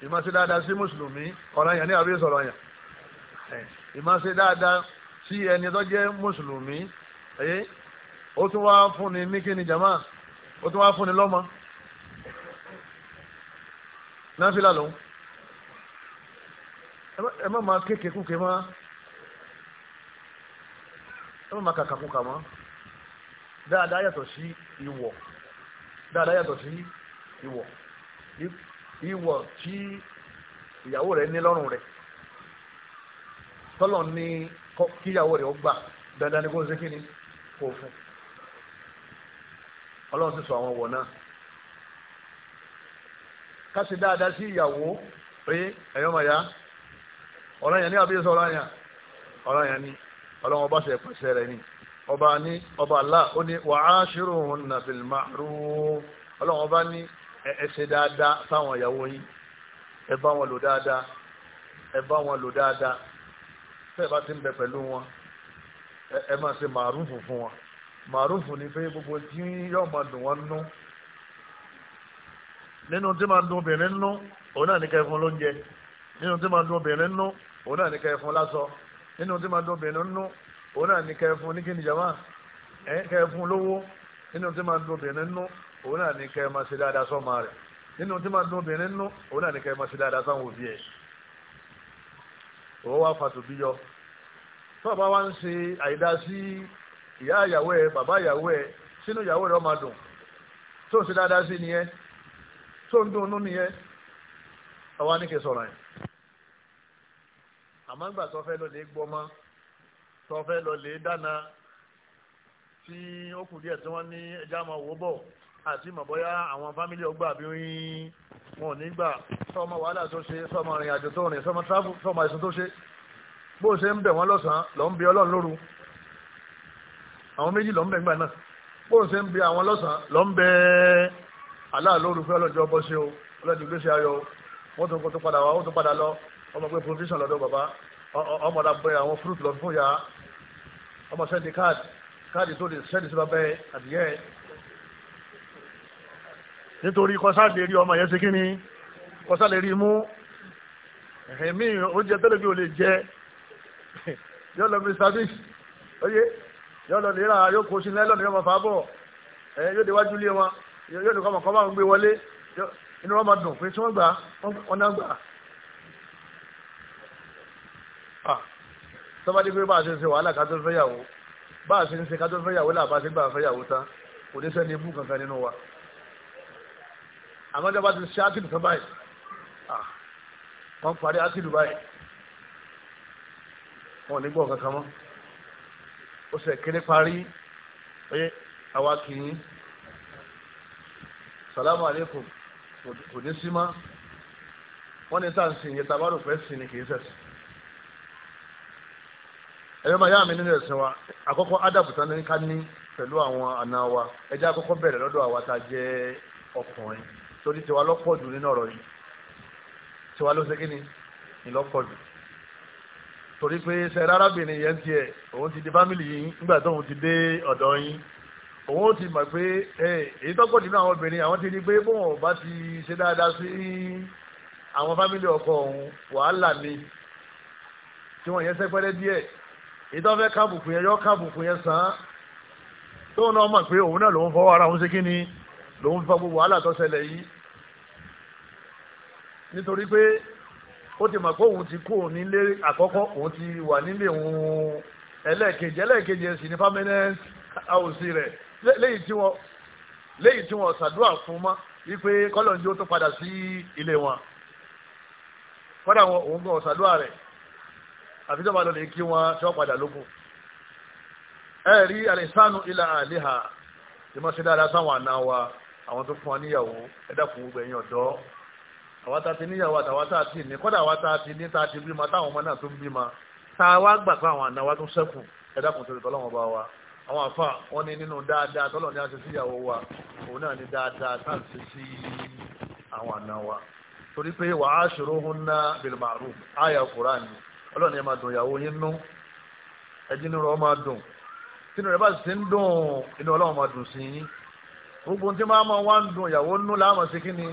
ìmọ̀ ṣe dáadáa sí mùsùlùmí ọ̀ràn yàn ní àbí sọ̀rọ̀ yàn ìmọ̀ ṣe dáadáa sí ẹni tó jẹ́ mùsùlùmí e, ó tún wá fúnni ní kíni jama ó tún wá fúnni lọ́mọ náfìlà lòun ẹ má máa kéèké kúkè máa ẹ má máa kàkà kú kà mọ́ dáadáa yàtọ̀ sí ìwọ̀ dáadáa yàtọ̀ sí ìwọ̀ ìwọ̀ tí ìyàwó rẹ̀ ní lọ́rùn rẹ̀ tọ́lọ̀ ní kíyàwó rẹ̀ ó gbà dandan ni kó ń ṣe kíni kó fún ọlọ́run ti sọ àwọn wọ̀ náà ká ṣe dáadáa sí ìyàwó pé ẹ̀yọ́ ọ̀rọ̀ yẹn ní àbí ọ̀rọ̀ yẹn ọ̀rọ̀ yẹn ní ọlọ́run ọba ṣe pèsè rẹ̀ ni ọba ní ọba Allah ó ní wa ashiruhunna bil ma'ruf ọlọ́run ọba ní ẹ ṣe dáadáa sáwọn ìyàwó yín ẹ bá wọn lò dáadáa ẹ bá wọn lò dáadáa fẹ́ bá ti ń bẹ pẹ̀lú wọn ẹ máa ṣe màrúfù fún wọn màrúfù ní fẹ́ gbogbo tí yóò máa dùn wọn nú nínú tí máa dùn obìnrin nú òun náà ní kẹfún lóúnjẹ nínú tí máa dùn obìnrin nú òun náà ní kẹfún lásọ nínú tí máa dọ̀bìnrin nínú òun náà ní kẹfún ní kíni jama kẹfún lówó nínú tí máa dọ̀bìnrin nínú òun náà ní kẹ máa ṣe dáadáa sọ́mọ rẹ̀ nínú tí máa dọ̀bìnrin nínú òun náà ní kẹ máa ṣe dáadáa sáwọn òbí ẹ̀ òun wá fàtò bíyọ tó bá wá ń ṣe àìdá sí ìyá ìyàwó ẹ bàbá ìyàwó ẹ sínú ìyàwó rẹ ọmọ dùn tó ń ṣe dáadáa sí nìyẹn tó ń dùn nú àmọ́ ńgbà tó fẹ́ lọ lè gbọ́mọ́ tó fẹ́ lọ lè dáná tí ó kù díẹ̀ tí wọ́n ní ẹja máa wò bọ̀ àti mọ̀bọ́yá àwọn fámílì ọgbà bí wọn ò ní gbà sọmọ wàhálà tó ṣe sọmọ ìrìn àjò tó rìn sọmọ tíráfù sọmọ àìsàn tó ṣe bó ṣe ń bẹ̀ wọ́n lọ́sàn-án lọ ń bẹ ọlọ́run lóru àwọn méjì lọ ń bẹ̀ ńgbà náà bó ṣe ń bẹ àwọn lọ́sàn-án lọ ń bẹ aláàlóru fẹ́ ọlọ́jọ́ bọ́ ṣe o ọlọ́jọ́ gbéṣẹ́ ayọ̀ wọ́n tó padà wá wọ́n tó padà lọ ọmọ pé provision lọ́dọ̀ bàbá ọmọ dà bẹ àwọn fruit lọ fún ya ọmọ sẹ́ndì káàdì káàdì tó lè sẹ́ndì sí bàbá ẹ àdìyẹ nítorí kọ́sá lè rí ọmọ yẹn ṣe kí ni kọ́sá lè rí mú ẹ̀mí oúnjẹ tẹ́lẹ̀ bí o lè jẹ yóò lọ fi service oyè yóò lọ nira yóò kó sí nylon yóò máa fà á yóò dé wájú ilé wọn yóò ní kọ́ ọmọ gbé wọlé inú wọn máa dùn pé tí wọ́n gbà wọ́n náà gbà. Ah. tọ́bádé pé bá a ṣe ń ṣe wàhálà ká tó fẹ́ yàwó bá a ṣe ń ṣe ká tó fẹ́ yàwó làbá ṣe gbà fẹ́ yàwó tán kò ní sẹ́ni ibú kankan nínú wa àmọ́ tó bá ti ṣe átìlù kan báyìí ah, wọ́n parí átìlù báyìí wọn ò ní gbọ́ kankan mọ́ ó ṣe kéré parí pé àwa kì í salamu aleykum kò ní sí mọ́ wọ́n ní sáà ń sìn yẹn tabarò fẹ́ sìn ni kì í sẹ̀sìn ẹ̀yọ́ máa yá mi nínú ẹ̀sìn wa àkọ́kọ́ ádàbùtà ní ká ní pẹ̀lú àwọn àna wa ẹjẹ́ àkọ́kọ́ bẹ̀rẹ̀ lọ́dọ̀ àwa tá a jẹ́ ọkùnrin torí tiwa lọ́pọ̀ jù nínú ọ̀rọ̀ yìí tiwa ló ṣe kí ni ìlọ́pọ̀ jù torí pé sẹ́rẹ́ arábìnrin yẹn tiẹ̀ òun ti di fámìlì yìí nígbà tó òun ti dé ọ̀dọ̀ yín òun ti mọ̀ pé èyí tó pọ̀ náà àwọn obìnrin àwọn ti rí pé bóun ò bá ti ṣe dáadáa sí àwọn fámìlì ọkọ òun wàhálà ni tí wọ́n yẹn sẹ́pẹ́rẹ́ díẹ̀ ìtọ́ fẹ́ káàbùkù yẹn yọ káàbùkù yẹn sàn án tóun náà mọ̀ pé òun náà lòun fọwọ́ ara òun ṣe kí ni lòun fa gbogbo wàhálà tó ṣẹlẹ̀ yìí nítorí pé ó ti mọ̀ pé òun ti kú òun nílé àkọ́kọ́ òun ti wà nílé òun ẹlẹ́ẹ̀kejì ẹlẹ́ẹ̀kejì ẹ̀sìn ní permanent house rẹ̀ lẹ́yìn tí wọ́n lẹ́yìn tí ṣàdúrà fún mọ́ wípé kọ́lọ̀ tó padà sí ilé wọn kọ́dà wọn òun gan ṣàdúrà rẹ̀ àfi tó bá lọ lè kí wọn tí wọ́n padà lókun ẹ rí alẹ́sánú ilà àléhà tí wọ́n ṣe dáadáa sáwọn àna wa àwọn tó fún wa níyàwó ẹ dákun gbẹ̀yìn ọ̀dọ́ àwa ti níyàwó àtàwa ti ní kọ́dà àwa ti ní tá ti bímọ táwọn ọmọ náà tó ń bímọ tá a wá gbà pé àwọn àna tó sẹ́kù ẹ dákun torí tọ́lọ́wọ́n wọn ní wa àwọn àna ọlọ́run yẹn máa dùn ìyàwó yín nú ẹjí nínú ọ máa dùn tí nínú rẹ bá sì ń dùn inú ọlọ́run máa dùn sí yín gbogbo tí máa máa wá ń dùn ìyàwó nú láàmú sí kí ni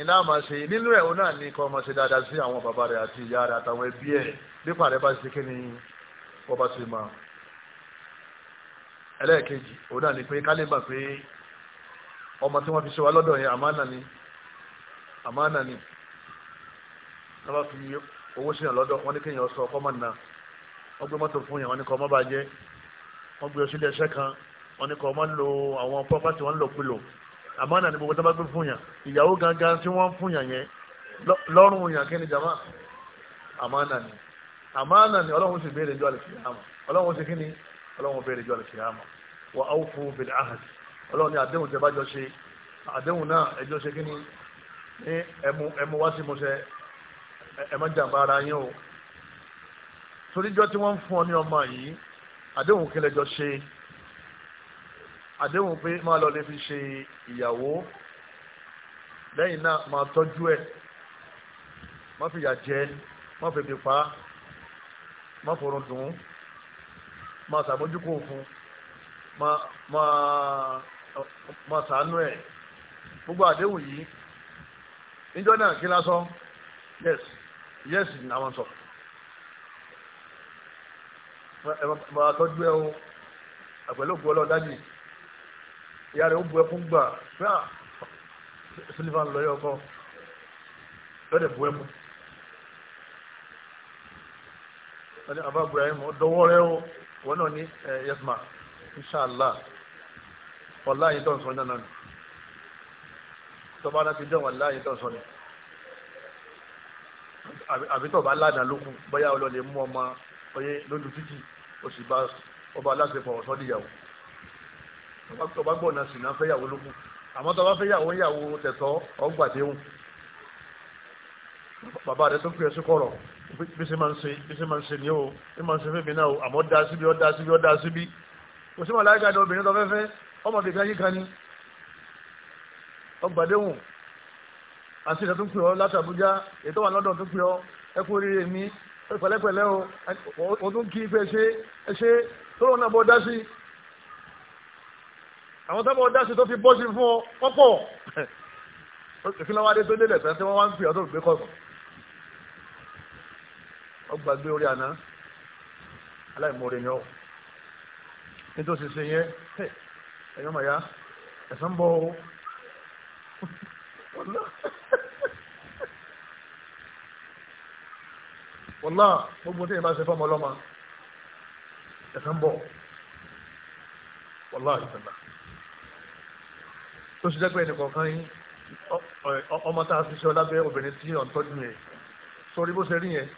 iná máa ṣe nínú ẹ̀ òun náà ní kọ́ ọmọ ṣe dáadáa sí àwọn bàbá rẹ̀ àti ìyá rẹ̀ àtàwọn ẹbí ẹ̀ nípa rẹ̀ bá ṣe kí ni wọ́n bá ṣe máa. ẹlẹ́ẹ̀kejì òun náà ní pé kálíbà pé ọmọ tí wọ́n fi ṣe wá lọ́dọ̀ yẹn àmánà owó sí yàn lọ́dọ̀ wọ́n ní kéèyàn sọ ọkọ́ mọ̀nà wọ́n gbé mọ́tò fún yàn wọ́n ní kọ́ ọmọ bàjẹ́ wọ́n gbé ọsílẹ̀ ẹsẹ̀ kan wọ́n ní kọ́ ọmọ lo àwọn pọ́pátì wọ́n lò pilò àmọ́ náà ni gbogbo tábà gbé fún yàn ìyàwó gangan tí wọ́n fún yàn yẹn lọ́rùn yàn kí ni jama àmọ́ náà ni àmọ́ náà ni ọlọ́run sì béèrè jọ àlùfíà àmọ́ ọlọ́run sì kí ni ọlọ́run béèrè jọ àlùfíà àmọ́ ni àdéhùn tẹ bá jọ ṣe àdéhùn náà ẹjọ́ ṣe kí ni ẹmu wá sí ẹ má jàmbá ara yín o toríjọ́ tí wọ́n ń fún ọ ní ọmọ yìí àdéhùn kílẹ̀jọ ṣe àdéhùn pé máa lọ lè fi ṣe ìyàwó lẹ́yìn náà máa tọ́jú ẹ̀ má fìyà jẹ má fèbè pa má forun dùn má sàmójúkò fún má má má sàánú ẹ̀ gbogbo àdéhùn yìí níjọ́ náà kí lásán yes yes ni àwọn sọ bàbá tọ́jú ẹ o àgbẹ̀lógún ọlọ́dájì ìyá rẹ̀ ó bu ẹkún gbà pé à ah, sílífàn lọ́yọ̀ ọkọ lọ́dẹ̀ bu ẹkún wọ́n ní abá Ibrahim ọ̀dọ́wọ́ rẹ o wọ́n náà ní yasma inṣàlá ọ̀la yìí tó ń náà tọ́ba náà ti dẹ́wọ̀n láàyè tó ń sọ náà àbí tó bá ládàá lókun bóyá ọlọ́lẹ̀ mú ọmọ oyè lójú títì ó sì bá ọba aláṣepọ̀ ọ̀sán níyàwó tó bá gbọ̀nà sì náà fẹ́yàwó lókun àmọ́ tó bá fẹ́yàwó yàwó tẹ̀tọ́ ọgbàdéhùn bàbá rẹ̀ tó pè é sí kọ̀rọ̀ bí ṣe máa ń ṣe bí ṣe máa ń ṣe ní o bí máa ń ṣe fẹ́mi náà o àmọ́ dá síbi ó dá síbi ó dá síbi kò sí màláìka ni obìnrin tó fẹ́fẹ́ ọmọ bìkan yìí kan ni ọgbàdéhùn àti ìdá tó pè ọ́ láti Àbújá ètò wà lọ́dọ̀ tó pè ọ́ ẹ kú oríire mi pẹ̀lẹ́pẹ̀lẹ́ o o tún kí pé ṣe ẹ ṣe tó lọ́nà bọ́ dá sí àwọn tó bọ́ dá sí tó fi bọ́ sí fún ọ pọ́pọ̀ ìfínláwádé tó délẹ̀ tán tí wọ́n wá ń pè ọ́ tó gbé kọ̀ọ̀kan ọ gbàgbé orí àná aláìmoore ni ọ nítorí ṣe yẹn ẹ̀yọ́ mọ̀ ya ẹ̀sán bọ́ [laughs] ọ. wọ́lá gbogbo tí yẹn bá ṣe fọ́mọ ọlọ́mọ ẹ̀fẹ́ ń bọ̀ wọ́lá ìfẹ́lá tó ṣe jẹ́pẹ́ ẹnìkọ̀ọ̀kan yín ọmọ tá a fi ṣe ọlábẹ́ obìnrin tí ọ̀ ń tọ́jú yẹn sórí bó ṣe rí yẹn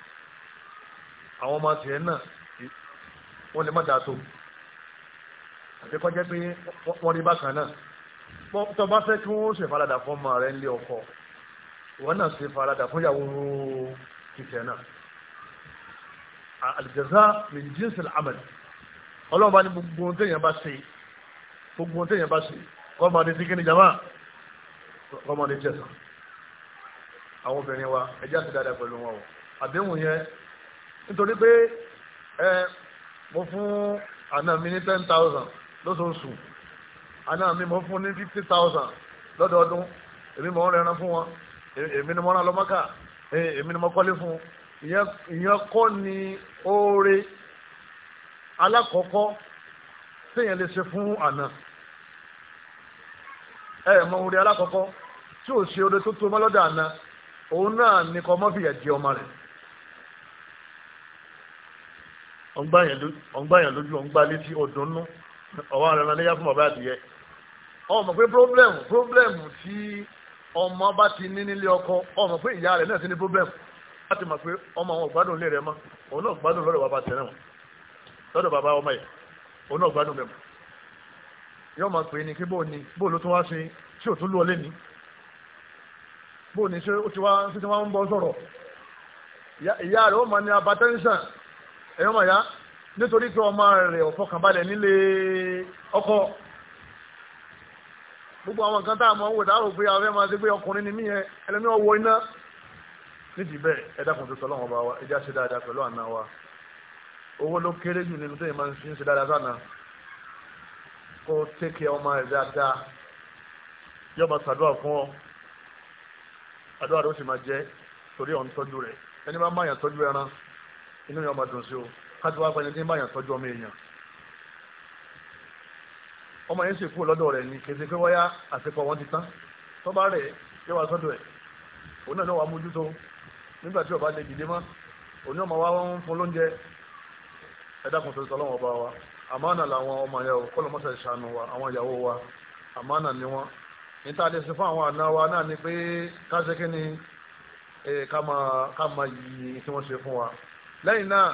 àwọn ọmọ tiẹ̀ náà wọ́n lè má dáa tó àti kọjá pé wọ́n rí bákan náà tó bá fẹ́ kí wọ́n ṣe faradà fún ọmọ rẹ̀ ńlé ọkọ ìwọ náà ṣe faradà fún ìyàwó tìtẹ̀ náà aljaza min jinsi al'amal ọlọ́run bá ní gbogbo ohun téèyàn bá ṣe gbogbo ohun téèyàn bá ṣe kọ́ máa ní sí kíni jama kọ́ máa ní jẹ̀sán àwọn obìnrin wa ẹjẹ́ àti dáadáa pẹ̀lú wọn o àdéhùn yẹn nítorí pé ẹ mo fún àná mi ní ten thousand lóṣooṣù àná mi mo fún ní fifty thousand lọ́dọọdún èmi mọ̀ ń rẹran fún wọn èmi ni mo rán lọ́mọ́kà èmi ni mo kọ́lé fún ìyẹn kọ́ ni oore alákọ̀ọ́kọ́ téèyàn lè ṣe fún àná ẹ mọ oore alákọ̀ọ́kọ́ tí ò ṣe oore tó tó mọ́ lọ́dọ̀ àná òun náà ni kọ́ mọ́ fìyà jẹ ọmọ rẹ̀ ọ̀ngbàyàn lójú ọ̀ngbà létí ọ̀dùn nú ọ̀wá rẹ̀ náà léyà fún bàbá àdìyẹ ọmọ pé pírọ́blẹ̀mù pírọ́blẹ̀mù tí ọmọ bá ti ní nílé ọkọ ọmọ pé ìyá rẹ̀ náà ti ní pírọ́blẹ̀mù láti mọ̀ pé ọmọ àwọn ògbádùn lè rẹ̀ mọ́ òun náà gbádùn lọ́dọ̀ bàbá tẹ̀rẹ̀ wọn lọ́dọ̀ bàbá ọmọ yẹn òun náà gbádùn mẹ́mọ́ yọ́ máa pè é ní kí bóò ní bóò ló tún wá sí tí ò tún lú ọ lẹ́ni bóò ní ṣé ó ti wá ṣé ti wá ń bọ́ sọ̀rọ̀ ìyá rẹ̀ ó máa ní abatẹ́ńsàn ẹ̀yọ́ máa yá nítorí pé ọmọ rẹ̀ ọ̀fọkànbalẹ̀ nílé ọkọ gbogbo àwọn nǹkan tá a máa ń wò dáhùn pé àwọn ẹ̀ máa ti gbé ọkùnrin ni mí yẹn ẹlẹ́mí nídìí bẹ́ẹ̀ ẹ dákun tó sọ lọ́wọ́ bá wa ẹ já ṣe dáadáa pẹ̀lú àná wa owó ló kéré jù nínú tẹ́yìn máa ń fi ń ṣe dáadáa sáà náà kó tẹ́kẹ̀ ọmọ rẹ̀ dáadáa yọba ṣàdúrà fún ọ àdúrà rẹ̀ ó sì máa jẹ́ torí ọ̀ tọ́jú rẹ̀ ẹni bá máyàn tọ́jú ẹran inú yẹn ọmọ dùn sí o kájú wá pẹ́ni tí ń máyàn tọ́jú ọmọ èèyàn ọmọ yẹn sì kú lọ́dọ̀ rẹ̀ ni kèsì pé wáyà àtẹ̀kọ̀ wọn ti tán tọ́ bá rẹ̀ yọ wá sọ́dọ̀ ẹ̀ òun náà náà wà mójútó nígbà tí ọba lè dìde mọ́ òní ọmọ wa ń fún lóúnjẹ ẹ̀dá kan sọ̀rọ̀ sọ́lọ́wọ́n ọba wa àmánà làwọn ọmọ yẹn o kọ́lọ́ mọ́sẹ̀ ṣàánú wa àwọn ìyàwó wa àmánà ni wọ́n níta lè ṣe fún àwọn àna wa náà ni pé káṣe kí ni ká máa yí tí wọ́n ṣe fún wa lẹ́yìn náà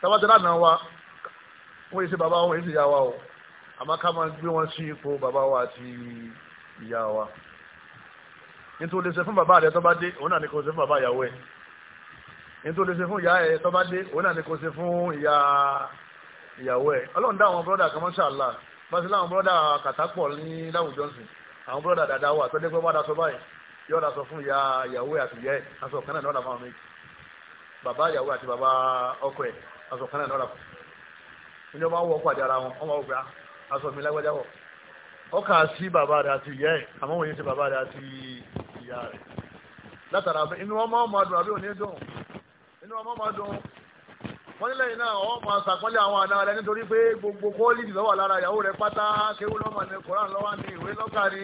tabatẹ́lá náà wa wọ́n yìí ṣe bàbá wọn yìí ṣe ìyá wa o àmọ́ ká máa gbé wọn sí ipò bàbá wa àti ìyá wa nítorí lè ṣe fún bàbá rẹ tó bá dé òun náà ni kò ṣe fún bàbá ìyàwó ẹ̀ nítorí ṣe fún ìyá ẹ tó bá dé òun náà ni kò ṣe fún ìyá ìyàwó ẹ ọlọ́run dá àwọn bọ́dà kan mọ́ṣá àlá báṣe láwọn bọ́dà kàtàpọ̀ ní láwùjọ sí àwọn bọ́dà dáadáa wà tó dẹ́gbẹ́ bọ́dà sọ báyìí yóò dá sọ fún ìyá ìyàwó ẹ àti ìyá ẹ aṣọ kan náà ní ọ̀dà fún àwọn méjì bàbá ìyàwó àti bàbá ọkọ ẹ aṣọ kan náà ní ọ̀dà fún ìjọ wọ ọkọ àti ara wọn wọn wọ inú ọmọ máa dùn wọ́n nílẹ̀ yìí náà wọ́n máa ṣàpọ́nlé àwọn àna rẹ̀ nítorí pé gbogbo kọ́ọ̀lì lọ́wọ́ lára ìyàwó rẹ̀ pátá kéwú lọ́mọ ní koran lọ́wọ́ ní ìwé lọ́kà ní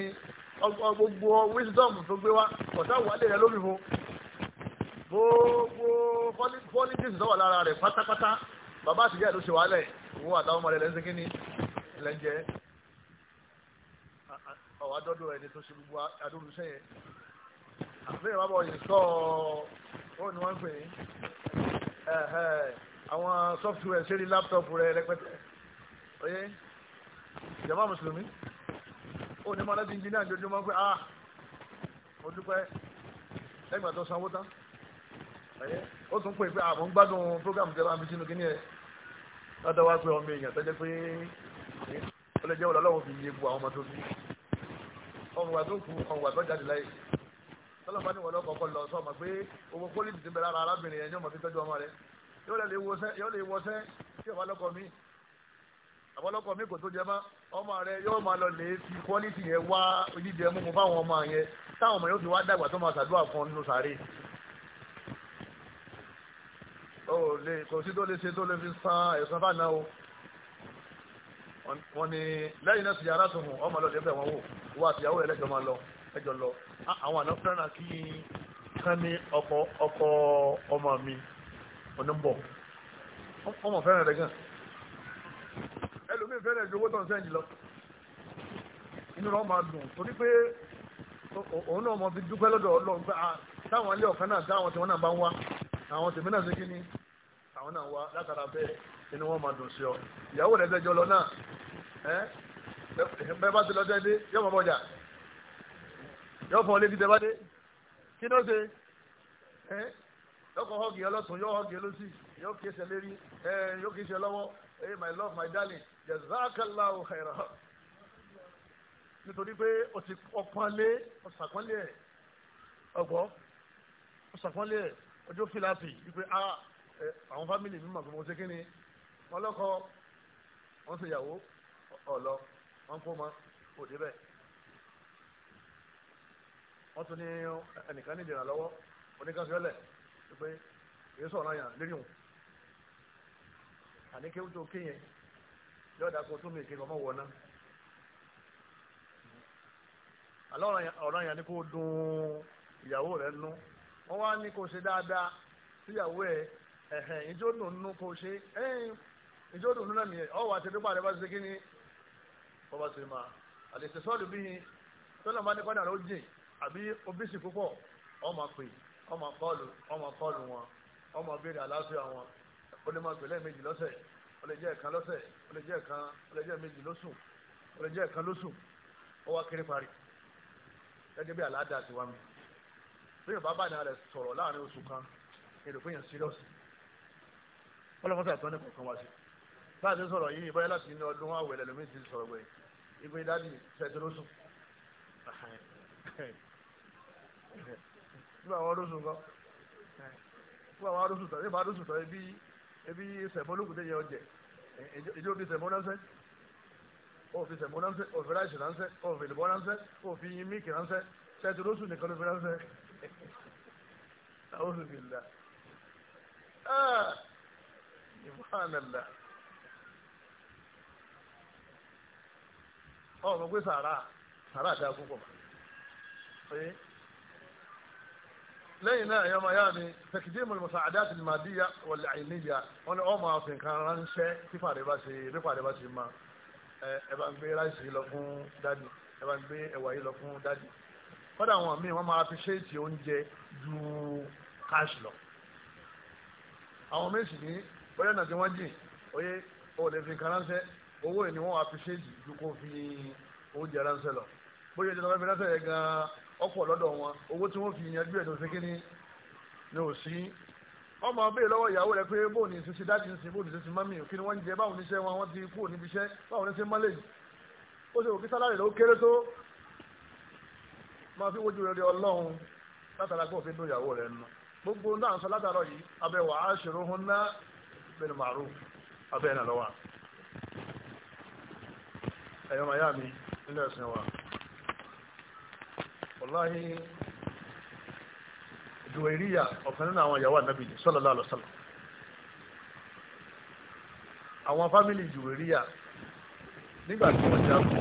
gbogbo wisdom tó gbé wá ọ̀tá wàlẹ̀ rẹ̀ lómi fún gbogbo politics lọ́wọ́ lára rẹ̀ pátápátá bàbá àtijọ́ ẹ̀ ló ṣe wàhálẹ̀ owó àtàwọn ọmọ rẹ̀ lẹ́sìn kínní ilẹ̀ ń jẹ́ ọ̀wá dọ́dọ̀ ẹni tó ṣe gbogbo adóòlùsẹ́yẹ àfihàn bàbá ọ̀yìn sọ́ọ̀ fóònù wọn pè é àwọn software ṣe ní láptọ̀pù rẹ rẹpẹtẹ oyè jama mùsùlùmí ó ní mọ́nà díndín náà jojúmọ́ pé ah mo dúpẹ́ ẹgbàá tó sanwó tán ó tún pè pé àmọ́ ah, ń gbádùn program jẹba àmì sínú kíní ẹ̀ lọ́dọ̀ wá pé ọmọ èèyàn tó jẹ́ pé ó lè jẹ́ ọ̀dọ́ ọlọ́run fi yé bu àwọn ọmọ tó bí ọmọ wà tó kú ọmọ wà tó jáde láyé tọ́lọ́mọba ni wọ́n lọ kọ́kọ́ lọ sọ́mọ pé owó pólítì ti bẹ̀rẹ̀ ara arábìnrin yẹn ní ọmọ fi tọ́jú ọmọ rẹ yóò lè wọṣẹ́ tí ọba lọ́kọ mi àbọ̀lọ́kọ mi kò tó jẹ mọ́ ọmọ rẹ yóò máa lọ lè fi pólítì yẹn wá oníjẹ mímu fáwọn ọmọ yẹn táwọn ọmọ yóò fi wá dàgbà tó máa ṣàdúrà fún nínú sàárè kò sí tó lè ṣe tó lè fi san ẹ̀sán fáná o wọ́n ní lẹ́yìn náà tìyàrá tó mú ọmọ lọ́dẹ̀ bẹ̀ wọ́n wò wọ́n àtìyàwó ẹlẹ́jọ́ lọ ẹjọ lọ àwọn àná fẹ́ràn kí kán ní ọkọ ọkọ ọmọ mi onímbọ̀ ọmọ fẹ́ràn rẹ̀ gan ẹlòmíì fẹ́ràn ju owó tó ń sẹ́yìn lọ inú rẹ̀ máa dùn torí pé òun náà mọ fi dúpẹ́ lọ́dọ̀ ọlọ́run pé táwọn ilé ọ̀kan náà táwọn tí wọ́n náà bá ń wá àwọn tèmi náà ṣe kí ni àwọn náà wá látara bẹ́ẹ̀ inú wọn máa dùn sí ọ ìyàwó rẹ̀ bẹ́ẹ̀ jọ lọ náà ẹ bẹ́ẹ̀ bá ti lọ dẹ́ẹ́dẹ́ yọ yóò fọ létí tẹ́bá dé kí ló ṣe yọkọ̀ họ́ọ̀gì ọlọ́tún yóò họ́ọ̀gì olóṣì yóò kí ẹsẹ̀ lérí yóò kí ẹsẹ̀ lọ́wọ́ hey my love my darling jazakallahu khaira nítorí pé o ti ọpọ́nlé ọ̀sàkọ́nlé ẹ̀ ọgbọ́ ọ̀sàkọ́nlé ẹ̀ ọjọ́ fìlàfì wípé ah, àwọn fámìlì mi mọ̀ pé mo ṣe kí ni wọ́n lọ́kọ wọ́n ṣe ìyàwó ọ̀lọ́ wọ́n kó mọ́ òde bẹ́ẹ̀. wọ́n tún ní ẹnìkan ní lọ́wọ́ oníkanṣẹ́lẹ̀ pé èyí sọ̀rọ̀ àyàn lérí òun àní tó kéyẹn yóò dáko tún mi kéka wọ́n wọ̀ ná àlọ́ ọ̀rọ̀ ni kò dùn ìyàwó rẹ̀ nú wọ́n wá ní dáadáa ẹ̀ dùn kò ṣe dùn ọ̀ wà bá ṣe ni ṣe máa tọ́lọ̀ ní àbí obìsì púpọ̀ ọmọ pè ọmọ kọlù ọmọ kọlù wọn ọmọ béèrè àlàáfíà wọn ó lè máa pè lẹ́ẹ̀mejì lọ́sẹ̀ ó lè jẹ́ ẹ̀kan lọ́sẹ̀ ó lè jẹ́ ẹ̀kan ó lè jẹ́ méjì lóṣù ó lè jẹ́ ẹ̀kan lóṣù ó wá kéré parí gẹ́gẹ́ bí àlàáda àti wàmí bí yorùbá bá náà rẹ̀ sọ̀rọ̀ láàrin oṣù kan èrò fún yẹn sírọ́ọ̀sì ọlọ́mọsà tó ní kọ̀ọ̀kan wá sí báà ti sọ̀rọ̀ yìí báyọ̀ láti inú ọdún àwẹ̀lẹ̀ lómi ti sọ̀rọ̀ wẹ̀ ìgbéyàdì fẹ́ẹ́ tó lóṣù fún àwọn arósùn kan fún àwọn arósùn tán yóò bá arósùn tán ebi ebi sẹ̀mọ́ lókun tẹ̀yẹ ọjẹ́ ìjọ fi sẹ̀mọ́ ránṣẹ́ òfi sẹ̀mọ́ ránṣẹ́ òfi ráìsì ránṣẹ́ òfi ìlúbọ́ ránṣẹ́ òfi míìkì ránṣẹ́ sẹ́ẹ̀tì rósùn nìkan ló fi ránṣẹ́ àwọn olùbìlà ìmọ̀hánàlá ọ̀rọ̀ pé sàrà sàrà dáa púpọ̀ lẹ́yìn náà ẹ̀yọ́ máa yá mi tẹ̀kídé mu mùsàádá ti máa díya wọlé àìníyà wọn ni ọmọ àfin kan ránṣẹ́ tí fàdé bá ṣe bí fàdé bá ṣe ma ẹ bá ń gbé ráìsì lọ fún dádì ẹ bá ń gbé ẹwà yìí lọ fún dádì kọ́dà àwọn míì wọ́n máa fi ṣéètì oúnjẹ ju káàṣì lọ àwọn míì ní bóyá náà tí jìn oyè o fi kan ránṣẹ́ owó ẹ̀ ni wọ́n wá fi ṣéètì ju kó fi oúnjẹ ránṣẹ́ lọ bóyá ìjọba fi ránṣẹ́ yẹn gan-an ọ̀pọ̀ lọ́dọ̀ wọn owó tí wọ́n fi yanjú ẹ̀ tó ṣe kíní ni ò sí ọmọ bẹ́ẹ̀ lọ́wọ́ ìyàwó rẹ pé bóun ní sísí dájú ń sin bóun ní sísí mami kí ni wọ́n ń jẹ báwọn oníṣẹ́ wọn wọ́n ti kúrò níbi iṣẹ́ báwọn oníṣẹ́ mọ́lẹ̀ yìí ó ṣe òkè sálárì ló kéré tó máa fi wojú rere ọlọ́run látara pé òfin tó ìyàwó rẹ nù gbogbo náà sọ látàrọ yìí abẹ́wà á ṣòro hún ná bẹ́ẹ̀ màrú abẹ́ náà lọ́wọ́ ẹ̀yọ́ màyá mi nílẹ̀ ẹ̀sìn wa wàláhì Juwairiya ọ̀kan nínú àwọn ìyàwó ànábì sallallahu alaihi wasallam àwọn fámìlì Juwairiya nígbà tí wọ́n já kú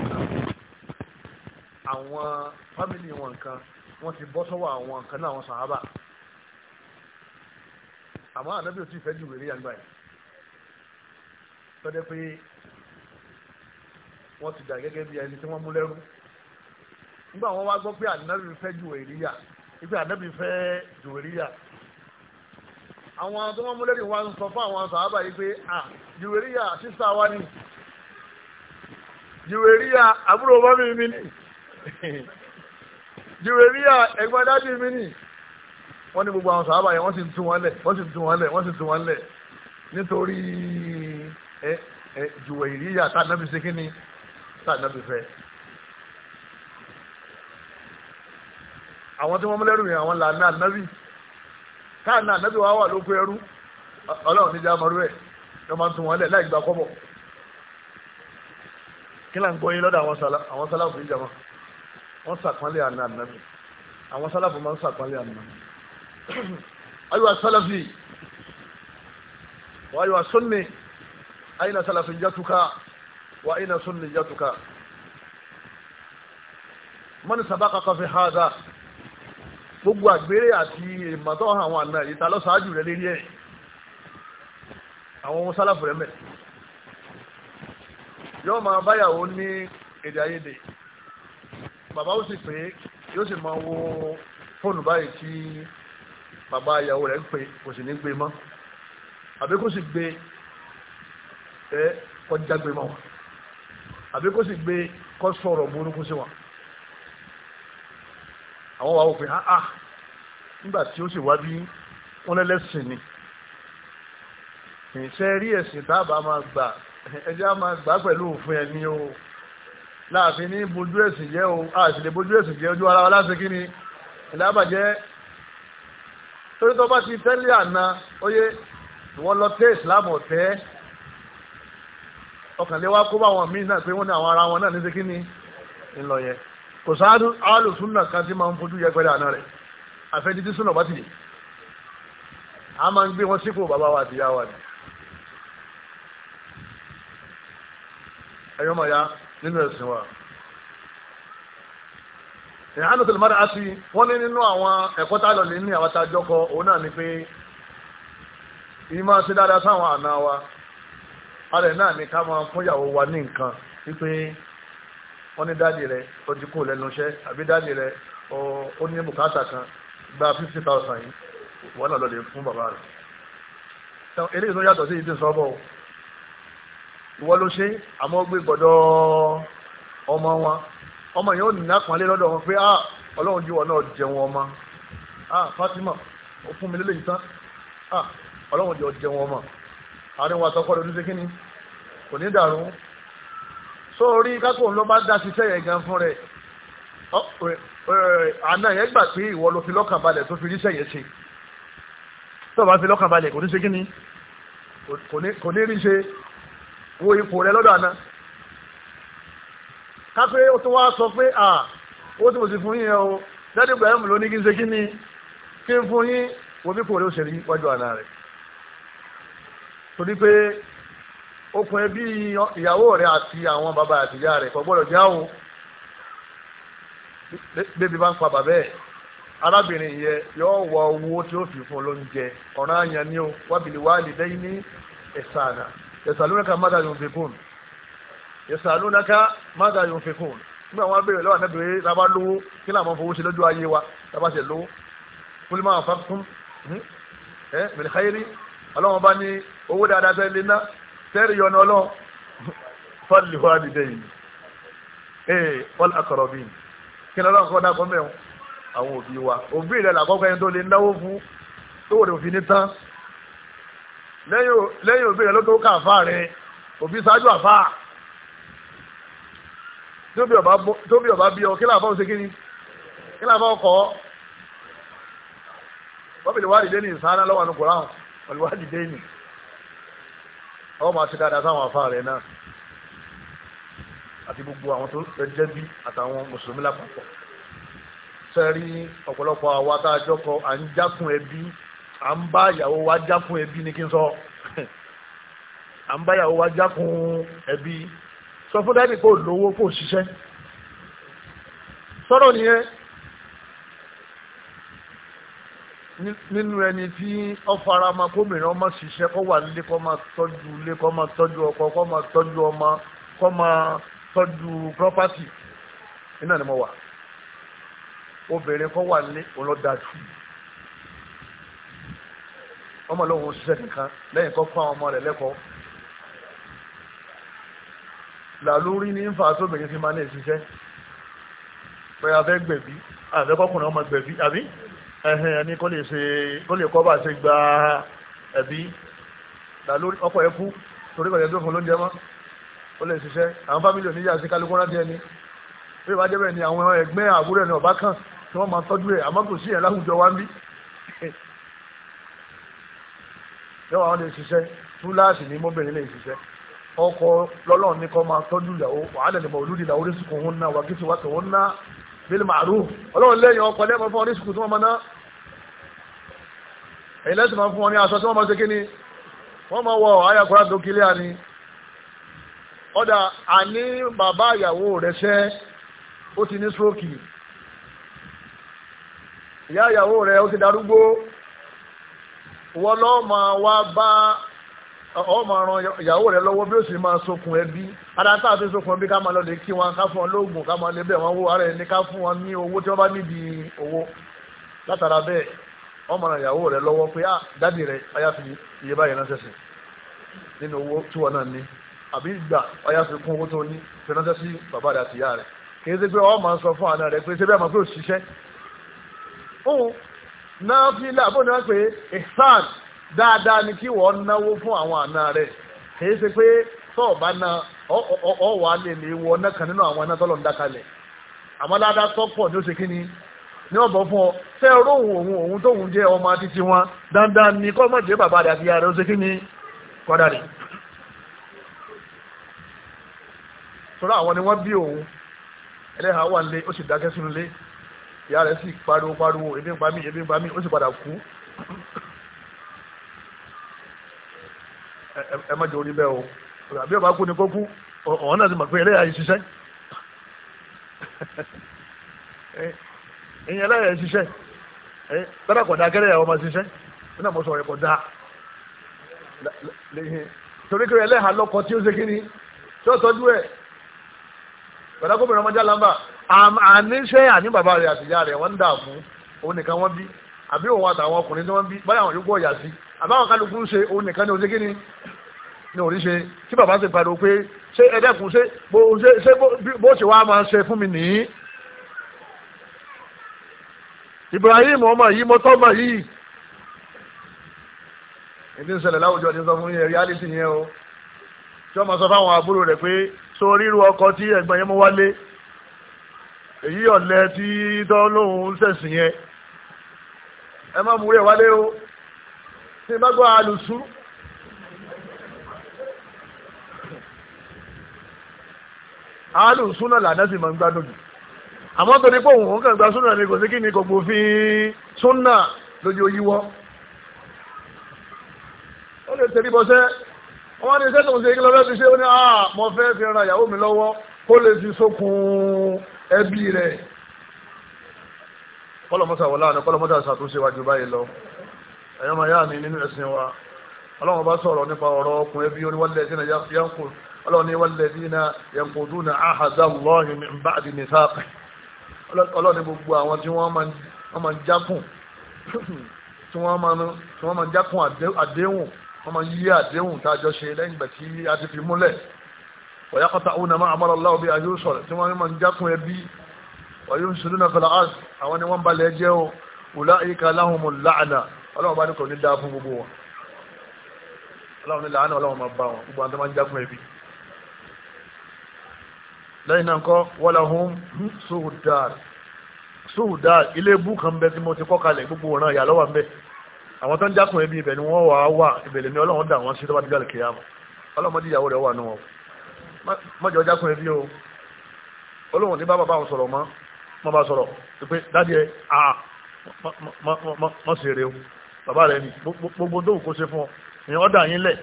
àwọn fámìlì wọn kan wọ́n ti bọ́ sọ́wọ́ àwọn kan náà àwọn sàhábà àmọ́ ànábì ò tí ì fẹ́ Juwairiya nígbà yẹn tọ́jẹ́ pé wọ́n ti dà gẹ́gẹ́ bí ẹni tí wọ́n mú lẹ́rú nígbà wọn wá gbọ́ pé ànábì fẹ́ jùwèríyà ipe ànábì fẹ́ jùwèríyà àwọn tó wọ́n mú lẹ́rìí wa ń sọ fún àwọn sàábà yìí pé à jùwèríyà sísá wa ni jùwèríyà àbúrò bọ́mí mi ni jùwèríyà ẹ̀gbọ́n dájú mi ni wọ́n ní gbogbo àwọn sàábà yẹn wọ́n sì ń tú wọn lẹ̀ wọ́n sì ń wọn lẹ̀ wọ́n sì ń wọn lẹ̀ nítorí ẹ ẹ jùwèríyà tá ànábì ṣe kí ni tá ànábì fẹ́. àwọn tí wọ́n mú lẹ́rù yẹn àwọn làánà nábì káànà nábì wàá wà lóko ẹrú ọlọ́run níjà mọ́rú ẹ̀ ló máa ń tún wọn lẹ̀ láì gba kọ́bọ̀ kí là ń gbọ́ yín lọ́dọ̀ àwọn sálàfù yìí jàmọ́ wọ́n sàpọ́nlé àná ànábì àwọn sálàfù máa ń sàpọ́nlé àná aywa sálàfì wa aywa sunni aina salafiyatuka wa aina sunniyatuka man sabaqaka fi hadha gbogbo àgbèrè àti ìmọ̀tọ́ àwọn àna ìta lọ́sàájú rẹ̀ lérí ẹ̀ àwọn ohun sálàfù rẹ̀ mẹ́ yóò máa báyàwó ní èdè àìyedè bàbá ó sì pé yóò sì máa wo fóònù báyìí tí bàbá ìyàwó rẹ̀ ń pè kò sì ní gbé mọ́ àbí kò sì gbé ẹ kọjá gbé mọ́ àbí kò sì gbé kọ́ sọ̀rọ̀ burúkú sí wọn àwọn wà òfin ha ah, ah nígbà tí ó sì wá bí wọn lẹ́lẹ́sìn ni ìṣe rí ẹ̀sìn tábà máa gbà ẹjẹ́ a máa gbà pẹ̀lú òfin ẹni o láàfin ní bójú ẹ̀sìn jẹ́ o àti lè bójú ẹ̀sìn jẹ́ ojú ara wa láti kí ni ìlàbàjẹ́ torí tó bá ti tẹ́lẹ̀ àná oyé ìwọ lọ tẹ́ ìsìlámù ọ̀tẹ́ ọkànlẹ́wà kó bá wọn míì náà pé wọ́n ní àwọn ara wọn náà ní ṣe kí ni ńlọ yẹn kò sáájú alùsúnà kan tí máa ń fojú yẹpẹrẹ àná rẹ̀ àfẹ́ni súnà bá ti a máa ń gbé wọn sípò bàbá wa àti ìyá wa ni ya nínú ẹ̀sìn wa ìhánà tó lè wọ́n ní nínú àwọn ẹ̀kọ́ tá a lọ àwọn a kọ òun náà ni pé ìmọ̀ dáadáa sáwọn àna wa wọ́n ní dáàdì rẹ̀ ó ti kó lẹ́nu iṣẹ́ àbí ní kan gba fifty thousand yìí wọ́n náà lọ lè fún bàbá si eléyìí tó yàtọ̀ sí ìdí sọ́bọ̀ ìwọ ló ṣe àmọ́ gbé gbọ́dọ̀ ọmọ wọn ọmọ yẹn ó nìyà pọ́nlé lọ́dọ̀ wọn pé ah ọlọ́run jíwọ náà jẹun ọmọ ah Fatima ó fún mi lélẹ́yìí tán ah ọlọ́run jẹun ọmọ àárín wa sọ́kọ́ lórí ṣe kò ní dàrú sórí kákò ń lọ bá dá ṣiṣẹ́ yẹn gan fún rẹ̀ àná yẹn gbà pé ìwọ ló fi lọ́kàn balẹ̀ tó fi ríṣẹ́ yẹn ṣe tó bá fi lọ́kàn balẹ̀ kò ní ṣe kí ni kò ní rí ṣe wo ipò rẹ lọ́dọ̀ àná kápé ó tún wá sọ pé à ó tí mo sì fún yín o dádì Ibrahim ló ní kí n ṣe kí ni kí n fún yín wo bí kò rí ó wájú àná rẹ̀ torí pé okùn ẹbí ìyàwó rẹ àti àwọn bàbá àti ìyá rẹ kò gbọ́dọ̀ já o bébí bá ń pa bàbá ẹ̀ arábìnrin yẹ yóò wọ owó tí ó fi fún lóúnjẹ ọ̀ràn àyàn ni ó wábìlì wá lè dẹ́yìn ní ẹ̀sà àná ẹ̀sà lónàkà mádà yóò fi kún ẹ̀sà lónàkà mádà yóò fi kún nígbà wọn béèrè lọ́wọ́ anábìrin lábá lówó kí làwọn fowó ṣe lójú ayé wa lábá ṣe lówó kúlí máa fa fún hmm? ẹ eh, mẹlẹ́káyérí ọlọ́wọ́n bá ní owó dáadáa tẹ́lẹ̀ náà sẹ́rì yọ̀nà ọlọ́run fọ́lì wà nídẹ̀ yìí ee fọ́lì akọ̀rọ̀ bíi kí lọ́dọ̀ kọ́ dákọ́ mẹ́wọ́n àwọn òbí wa òbí rẹ̀ làkọ́kọ́ ẹni tó lè náwó fún tó wò lè fi ní tán lẹ́yìn òbí rẹ̀ ló tó ká àfa rẹ̀ òbí ṣáájú àfa tóbi ọba bí ọ kí làbá ọ ṣe kí ni kí làbá ọ kọ́ wọ́n fi lè wá dìde ní ìsáná lọ́wọ́ ànukùrá wọ́n lè wá dìde ọ máa ṣe dáadáa sáwọn afá rẹ̀ náà àti gbogbo àwọn tó fẹ́ jẹ́ bí àtàwọn mùsùlùmí lápapọ̀ sẹ́rí ọ̀pọ̀lọpọ̀ àwa tá a jọkọ à ń jákun ẹbí à ń bá ìyàwó wa jákun ẹbí ni kí n sọ à ń bá ìyàwó wa jákun ẹbí sọ fún dáàbì kò lówó kò ṣiṣẹ́ sọ̀rọ̀ nìyẹn nínú ẹni tí ó fara ma kó mìíràn má ṣiṣẹ́ kó wà nílé kó máa tọ́jú ilé kó ma, tọ́jú ọkọ kó máa tọ́jú ọmọ kó máa tọ́jú property iná ni mo wà obìnrin kó wà nílé ọlọ́dàjú ọmọ lóhùn ṣiṣẹ́ nìkan lẹ́yìn kó fún àwọn ọmọ rẹ̀ lẹ́kọ̀ọ́ làlórí ní nfa tóbìnrin fi máa ní ìṣiṣẹ́ pé a fẹ́ gbẹ̀bí àfẹ́kọ́kùnrin ọmọ gbẹ̀bí àbí ẹ̀hìn ẹni kó lè ṣe kó lè kọ́ bá ṣe gba ẹ̀bí ọkọ̀ ẹ̀kú torí kọ̀ọ̀yẹ́ tó fún lóúnjẹ mọ́ ó lè ṣiṣẹ́ àwọn fámìlì oníyà sí kálukú rántí ẹni bí ìbá jẹ́bẹ̀ẹ́ ni àwọn ẹgbẹ́ àbúrò ẹni ọ̀bá kan tí wọ́n máa tọ́jú ẹ̀ àmọ́ kò sí ẹ̀ láwùjọ wa ń bí yọ́wọ́ àwọn lè ṣiṣẹ́ túláàsì ní mọ́bìnrin lè ṣiṣẹ́ ọkọ̀ lọ́lọ́ọ̀ ní kọ́ máa tọ́jú ìyàwó wàhálẹ̀ ni mọ̀lúdì làwọn oríṣi kò hún náà wàgísí wàtò hún náà bílí màrú ọlọ́run lẹ́yìn ọkọ̀ lẹ́mọ̀ fún ọdún ìsìnkú tí wọ́n máa ná èyí lẹ́sìn máa fún wọn ní aṣọ tí wọ́n máa ṣe kí ni wọ́n máa wọ àyà kúrá tó kílé àní ọ̀dà àní bàbá ìyàwó rẹ̀ ṣẹ́ ó ti ní stroke ìyá ìyàwó rẹ̀ ó ti darúgbó wọ́n lọ́ máa wá bá ọ máa ran ìyàwó rẹ lọ́wọ́ bí ó sì máa sokùn ẹbí adáta àti sokùn ẹbí ká máa lọ lè kí wọn ká fún wọn lóògùn ká máa lè bẹ̀ wọn wó ara ẹni ká fún wọn ní owó tí wọ́n bá níbi owó látara bẹ́ẹ̀ ọ máa ran ìyàwó rẹ lọ́wọ́ pé ah dádì rẹ ọyá fi iye báyìí ránṣẹ́ sí nínú owó tí wọn náà ní àbí ìgbà ọyá kún owó tó ní fi ránṣẹ́ sí bàbá rẹ àti ìyá rẹ kì í ṣe pé ọ sọ fún àna rẹ pé ṣé bẹ́ẹ̀ máa pé òṣìṣẹ́ òun náà fi ilé àbọ̀ náà pé ìsáàdì dáadáa ni kí wọ́n náwó fún àwọn àna rẹ̀ kìí ṣe pé tọ́ọ̀ bá na ọ̀wà lè lè wọ ọ̀nà kan nínú àwọn tọ́lọ̀ ń àmọ́ dáadáa tọ́ pọ̀ ní ní ọ̀bọ̀ fún ọ róhùn òun òun jẹ́ ọmọ títí wọn ni kọ́ mọ̀ bàbá rẹ̀ àti ìyá rẹ̀ kọ́dà rẹ̀ sọ́rọ́ àwọn ni wọ́n bí òun ẹlẹ́hàá wà nílé ó sì dákẹ́ sínú ilé ìyá rẹ̀ sì pariwo pariwo ebi ń pa mí ebi ń pa mí ó sì padà kú ẹ má jẹ́ orí bẹ́ẹ̀ o àbí ọba kú ni kó kú ọ̀hún náà ti mọ̀ pé ẹlẹ́yà yìí ṣiṣẹ́ ìyẹn [laughs] ẹlẹ́yà yìí ṣiṣẹ́ bẹ́ẹ̀ kọ̀ dáa kẹ́lẹ́yà ọmọ ṣiṣẹ́ bí náà mo sọ̀rọ̀ ẹ̀kọ́ dáa torí kí ẹlẹ́yà lọ́kọ tí ó ṣe kí ni tí ó tọ́jú ẹ̀ bàdá gómìnà ọmọdé alamba àníṣe àní bàbá rẹ̀ àtìyá rẹ̀ wọ́n ń dààmú òun nìkan wọ́n bí àbí òun àtàwọn ọkùnrin tí wọ́n bí báyà wọn yóò gbọ́ ìyá sí i àbáwọn kálukú ń ṣe òun nìkan ní oṣù kínní ní òní ṣe tí bàbá ti pariwo pé ṣé ẹdẹkùn ṣe bó ṣe bó ṣe wá máa ṣe fún mi nìyí. Ibrahim ọmọ yìí mọ́tọ́ ọmọ yìí ìdí ìṣẹ̀lẹ̀ láwùjọ ti sọ fún yẹn reality yẹn o tí wọ́n máa sọ fáwọn àbúrò rẹ̀ pé so ríru ọkọ tí ẹ̀gbọ́n yẹn mú wálé èyí ọ̀lẹ tí tọ́ lóhùn ṣẹ̀sìn yẹn ẹ má mú wálé o tí bá gbọ́ alùsù alùsù náà làdá sì máa ń gbádùn jù àmọ́ tó ní pé òun kàn gba súnà ni kò sí kí ni kò gbòfin súnà lójú oyíwọ́ ó lè tẹ̀lé bọ́sẹ́ wọ́n ní iṣẹ́ tó ń ṣe kí lọ́fẹ́ fi ṣe ó ní àà ah, mo fẹ́ fi ran ìyàwó mi lọ́wọ́ kó lè fi sókun ẹbí rẹ̀ kọ́lọ̀mọ́sà wọlá àná kọ́lọ̀mọ́sà ṣàtúnṣe wájú báyìí lọ ẹ̀yọ́ máa yá mi nínú ẹ̀sìn wa ọlọ́run bá sọ̀rọ̀ nípa ọ̀rọ̀ ọkùnrin bí oníwálẹ̀ dínà yankò ọlọ́run ní wálẹ̀ dínà yankò dúnà àhàdá lọ́ọ̀hìn ní báàdì ní sáàpẹ̀ ọlọ́run ní gbogbo àwọn tí wọ́n máa ń jákùn tí wọ́n máa ń jákùn àdéhùn wọ́n máa ń yí àdéhùn tá a jọ ṣe lẹ́yìn ìgbà tí a ti fi múlẹ̀ wọ̀yákọ́ta òun náà amọ́ra aláwọ̀ ọlọ́run bá ní kò ní dáa fún gbogbo wọn ọlọ́run ní làánà ọlọ́run máa bá wọn gbogbo àwọn tó máa ń jagun ẹbí lẹ́yìn náà kọ́ wọ́láhùn sóòdáàr sóòdáàr ilé ibú kan bẹ tí mo ti kọ́ kalẹ̀ gbogbo ọ̀ràn ìyá lọ́wọ́ bẹ àwọn tó ń jákun ẹbí ibẹ̀ ni wọ́n wà á wà ìbẹ̀lẹ̀ ni ọlọ́run dà wọ́n sí lọ́wọ́ dígbàlẹ̀ kìí àmọ́ ọlọ́mọdé ìyàwó rẹ̀ wà nù wọn mọ́jọ jákun ẹbí o olóhùn ní bábà báwọn sọ̀rọ̀ mọ́ mọ́ bá sọ̀rọ̀ bàbá rẹ̀ ni gbogbo tó kó ṣe fún ọ ni ọ dà yín lẹ̀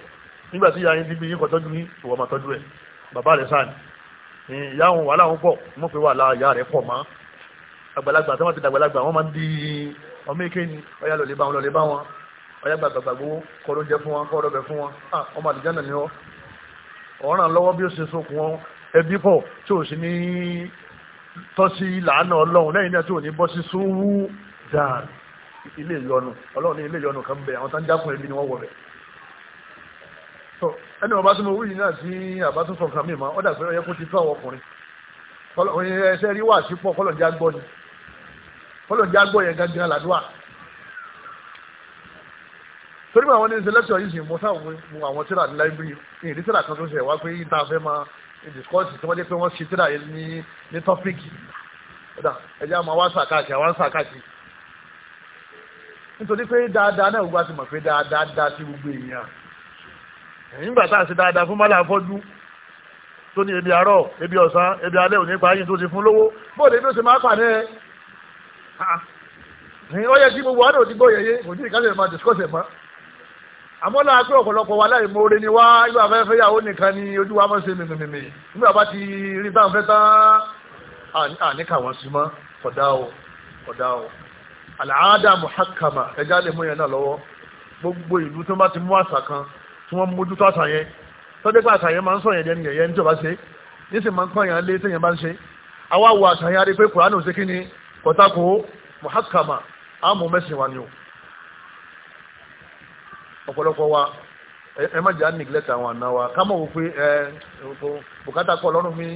nígbà tí ìyá yín bíbí yín kò tọ́jú yín ìwọ máa tọ́jú ẹ̀ bàbá rẹ̀ sáà ni ìyá òun wàhálà òun pọ̀ mọ̀ pé wàhálà ìyá rẹ̀ pọ̀ mọ́ àgbàlagbà tí wọ́n ti dàgbàlagbà wọ́n máa ń di ọmọ èké ni ọyá lọ́lẹ̀ bá wọn lọ́lẹ̀ bá wọn ọyá gbàgbàgbà gbowó kọ́ ló jẹ́ fún wọn kọ́ lọ́bẹ̀ fún wọn ah, ọmọ àdìjánà ni ọ ọ̀ràn lọ́wọ́ bí ó ṣe sokùn wọn ẹbí pọ̀ tí ò sí ní tọ́sí làánà ọlọ́run lẹ́yìn náà tí ò ní bọ́ sí sówú dáàrú ilé ìyọnu ọlọ́run ní ilé ìyọnu kan bẹ àwọn tó ń dákun ẹbí ni wọ́n wọ̀ bẹ̀. so ẹni wọn bá tún mọ wíyì náà tí àbá tún sọ̀kan mí mọ́ ọ̀dà pé ó yẹ kó ti tó àwọn ọkùnrin ọ̀yìn ẹsẹ̀ rí wà sí pọ̀ kọ́lọ̀jà gbọ́ ni kọ́lọ̀jà gbọ́ yẹn gangan làdúrà torí àwọn ní selection yìí sì mú sáwọn mú àwọn tíra ní library ní ìdí tíra kan tó ṣe wá pé ìta fẹ́ máa discourse tí wọ́n jẹ́ pé wọ́n ṣe tíra yẹn ní ní topic ẹ̀dá ẹ̀jẹ̀ àwọn wá sàkáàkì àwọn sàkáàkì nítorí pé dáadáa náà gbogbo àti mọ̀ pé dáadáa dá sí gbogbo èèyàn nígbà tá a ṣe dáadáa fún mọ́là fọ́jú tó ní ebi àárọ̀ ebi ọ̀sán ebi alẹ́ òní pa yín tó ti fún lówó bóde bí ó ṣe máa pàdé ẹ ọ yẹ kí gbogbo àdó ti gbọ́ yẹyẹ kò ní ìkásẹ̀ máa discuss ẹ̀ mọ́ àmọ́ náà pé ọ̀pọ̀lọpọ̀ wa láì mọ́re ni wá ìgbà afẹ́fẹ́ yàwó nìkan ni ojú wa máa ń ṣe mìmìmìmì nígbà bá ti rí táwọn fẹ́ tán àníkà wọn sí mọ́ kódà o kódà o àlàáda muhakama ẹja lè mú yẹn náà lọ́wọ́ gbogbo ìlú tó bá ti mú àṣà kan tí wọ́n mójútó àṣà yẹn tọ́jú pé àṣà yẹn máa ń sọ yẹn dẹ́nu yẹn tí o bá ṣe níṣẹ́ máa ń kọ́ yẹn lé tí yẹn bá ń ṣe àwa wo àṣà yẹn a rí pé kùránù ṣe kí ni kọ́tàkó muhakama àmú mẹ́sìn wa ni o ọ̀pọ̀lọpọ̀ wa ẹ má jà neglect àwọn àna wa ká mọ̀ wò pé ẹ bùkátà kọ́ lọ́rùn mi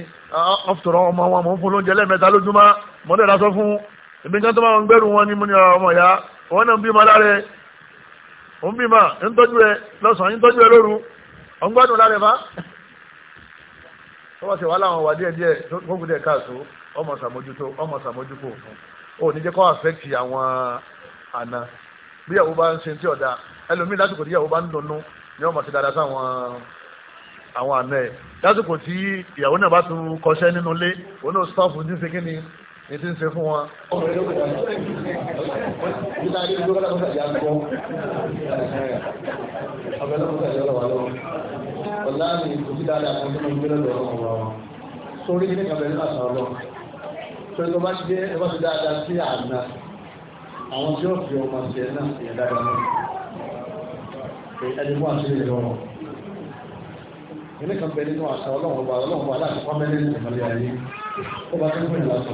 ọ̀fùtọ̀rọ̀ ibi nǹkan tó máa ń gbẹ́rù wọn ní mo ní ọmọ ìyá wọn náà ń bímọ láre òun bímọ ń tọ́jú ẹ lọ́sàn-án ń tọ́jú ẹ lóru ọ̀n gbádùn láre fa tọ́wọ́ sí wàhálà àwọn wà díẹ̀ díẹ̀ gbógun díẹ̀ káàsó ọmọ sàmójútó ọmọ sàmójúkó fún ó ní jẹ́ kó àfẹ́kì àwọn àna bí ìyàwó bá ń ṣe tí ọ̀dà ẹlòmíì lásìkò tí ìyàwó bá ń dunnú ni ọmọ ti dáadáa sáwọn àwọn àna ẹ̀ lásìkò tí ìyàwó náà bá tún kọṣẹ́ nínú ilé òun náà sọ́ọ̀fù ní ṣe kí ni ní ti ń ṣe fún wọn. Sórí ní kàbẹ̀rẹ̀ láti ọlọ́. Sórí tó bá ti jẹ́ ẹgbẹ́ ti dáadáa sí àná. Àwọn tí ó fi ọmọ sí ẹ náà sí ẹ̀dá dáadáa. Ẹni fún àṣírí ìrọ̀rùn. Ilé kan bẹ nínú àṣà ọlọ́run ọba ọlọ́run ọba aláàtúkọ́ mẹ́lẹ́ ìgbàlẹ̀ ayé. Ó bá tó ń gbìyànjú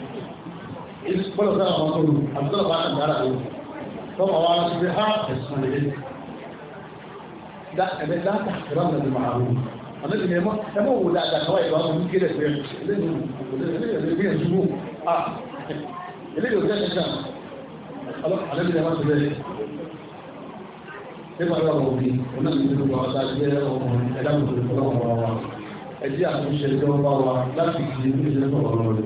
bọ́lọ̀ sára wọn tó lù àbúrò bá tàn dára lórí tọ́pọ̀ wa ti fi há ẹ̀sùn lè dá ẹ̀bẹ̀ dáta ìrọ̀ nàbí màá wù àmì ìgbìmọ̀ ẹ̀mọ́ ẹ̀mọ́ wò dáadáa kọ́wá ìgbà wọn kí lẹ́sẹ̀ ẹlẹ́yìn ìgbìyànjú wò á eléyìí ò tẹ́lẹ̀ sàn àlẹ́ ìgbìmọ̀ ẹ̀mọ́ tó bẹ́ẹ̀ nípa ìwà òbí ọ̀nà ìdílé wa ọ̀tá jẹ́ ọmọ ẹ̀dá mọ̀tò ìfọlọ́wọ́ wa ẹ̀jẹ̀ àtúnṣe ìjọba wa láti fi ìdílé sọ̀rọ̀ lọ́rọ̀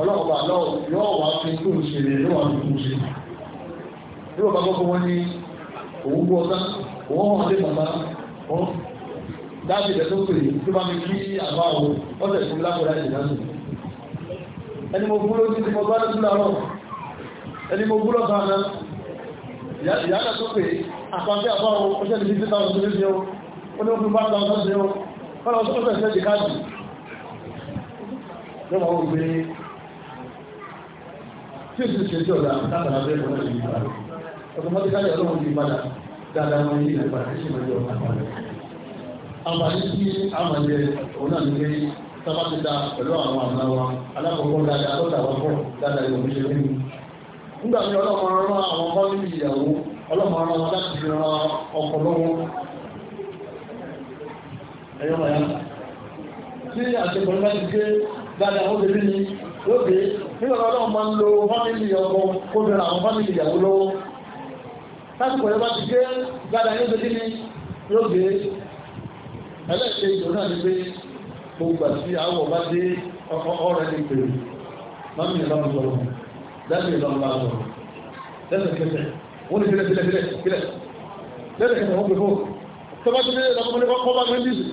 ọlọ́ọ̀bà yóò fi kú ìṣẹ̀lẹ̀ ló fi kú ìṣẹ̀lẹ̀ ní bàbá gbogbo wọn ní òun gbọ́ ọ̀gá òun hàn lé bàbá wọn dáàbì rẹ̀ tó pè tó bá mi kí àbá o ọ̀sẹ̀ fún lápẹ̀lá ìdìbò ẹni mo gbúrò ní ti mo bá lọ́dún láàárọ̀ ẹni mo gbúrò bá náà ìyáàdà tó pè àpapẹ́ àbáwọ̀ ọjọ́ ìbí tí táwọn tó léṣe ó tí o sì ṣe tí ọ̀la látara bẹ́ẹ̀ wọ́n ti yípa rẹ̀ ọ̀tọ̀mọ́tíkálẹ̀ ọlọ́run ti padà dáadáa wọn yí ìlànà tí ṣe mọ́jọ́ àpàlẹ̀. àǹfààní tí àmàlẹ òun náà nílé sábà ti da pẹ̀lú àwọn àmà wa alákọ̀ọ́kọ́ dáadáa lọ́dà wa pọ̀ dáadáa yóò fi ṣe mí. nígbà tí ọlọ́run rán àwọn mọ́lì ìyàwó ọlọ́run rán wọn láti ran ọkọ lọ́wọ́. ẹ̀yọ́ màá yá. tí àṣepọ̀ ní ọ̀rọ̀ ọlọ́run máa ń lo fámìlì ọkọ kó bẹ̀rẹ̀ àwọn fámìlì ìyàwó lọ́wọ́ lásìkò yẹn bá ti gbé gbádà yóò gbé kíni yóò gbé ẹlẹ́ẹ̀kẹ́ ìjọ náà ni pé gbogbo àti àwọ̀ bá dé ọ̀rẹ́ ní pèrè mami ìlọrin sọ̀rọ̀ dábì ìlọrin bá sọ̀rọ̀ lẹ́sẹ̀kẹsẹ̀ wọ́n ní sílẹ̀ sílẹ̀ sílẹ̀ sílẹ̀ lẹ́sẹ̀kẹsẹ̀ wọ́n pè fún tọ́ba tó dé lọ́kọ́ bá gbé ń dìbò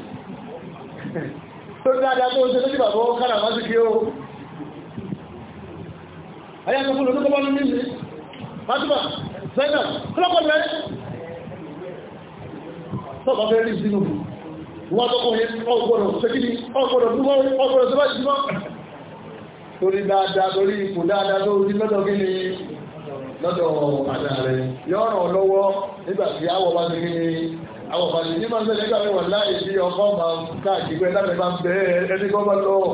tó dáadáa tó ń ṣe lójú bàbá ó kára má sí kí ó ayájọ́kúrò ní kọ́bọ́nù nílé fatima zainab kọ́lọ́kọ́lẹ́ tọ́bà fẹ́ rí sínú wọ́n tọ́kùnrin ọgbọ̀rọ̀ sẹ́kìdì ọgbọ̀rọ̀ ọgbọ̀rọ̀ tó bá jùmọ́ torí dáadáa torí ipò dáadáa tó rí lọ́dọ̀ gíní lọ́dọ̀ àdá rẹ̀ yọ́rọ̀ lọ́wọ́ nígbàtí àwọ̀ bá ti gíní àwọ̀ bá ti gíní máa ń bẹ̀rẹ̀ nígbàtí wọ̀n láì sí ọkọ̀ máa káàkiri ẹlẹ́mẹ̀ máa ń bẹ̀ẹ́ ẹni gọ́gbọ́n lọ́wọ́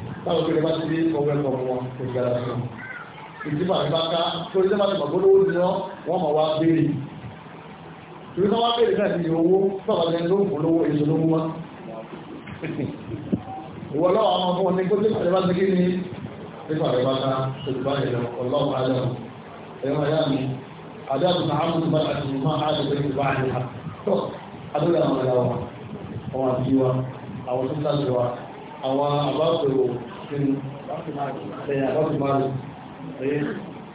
táwọn òkèèrè bá ti rí ọwọ́ ẹ̀kọ́ wọn kò gbára sí wọn ìdíbà ń bá ká torí sẹ́bà ti gbàgbọ́ lówó ni wọ́n mọ̀ wá béèrè torí sẹ́bà béèrè náà ti owó sọ̀rọ̀ ẹni ló ń fún lówó èso lówó wá ìwọ lọ́wọ́ àwọn ọmọ ní gbọ́dọ̀ ìpàdé bá ti kí ni nípa rẹ̀ bá ká olùbá ìlọ ọlọ́wọ́ adam ẹ̀rọ ayá mi adáàbò náà ámú bá àti ìmọ̀ àdìgbẹ́ ìbá àdìgbà tó adúlé àwọn ẹ̀yà wa àwọn àbí wa àwọn tó ń tàbí wa àwọn àbáwọ̀ kiri láti máa lò pé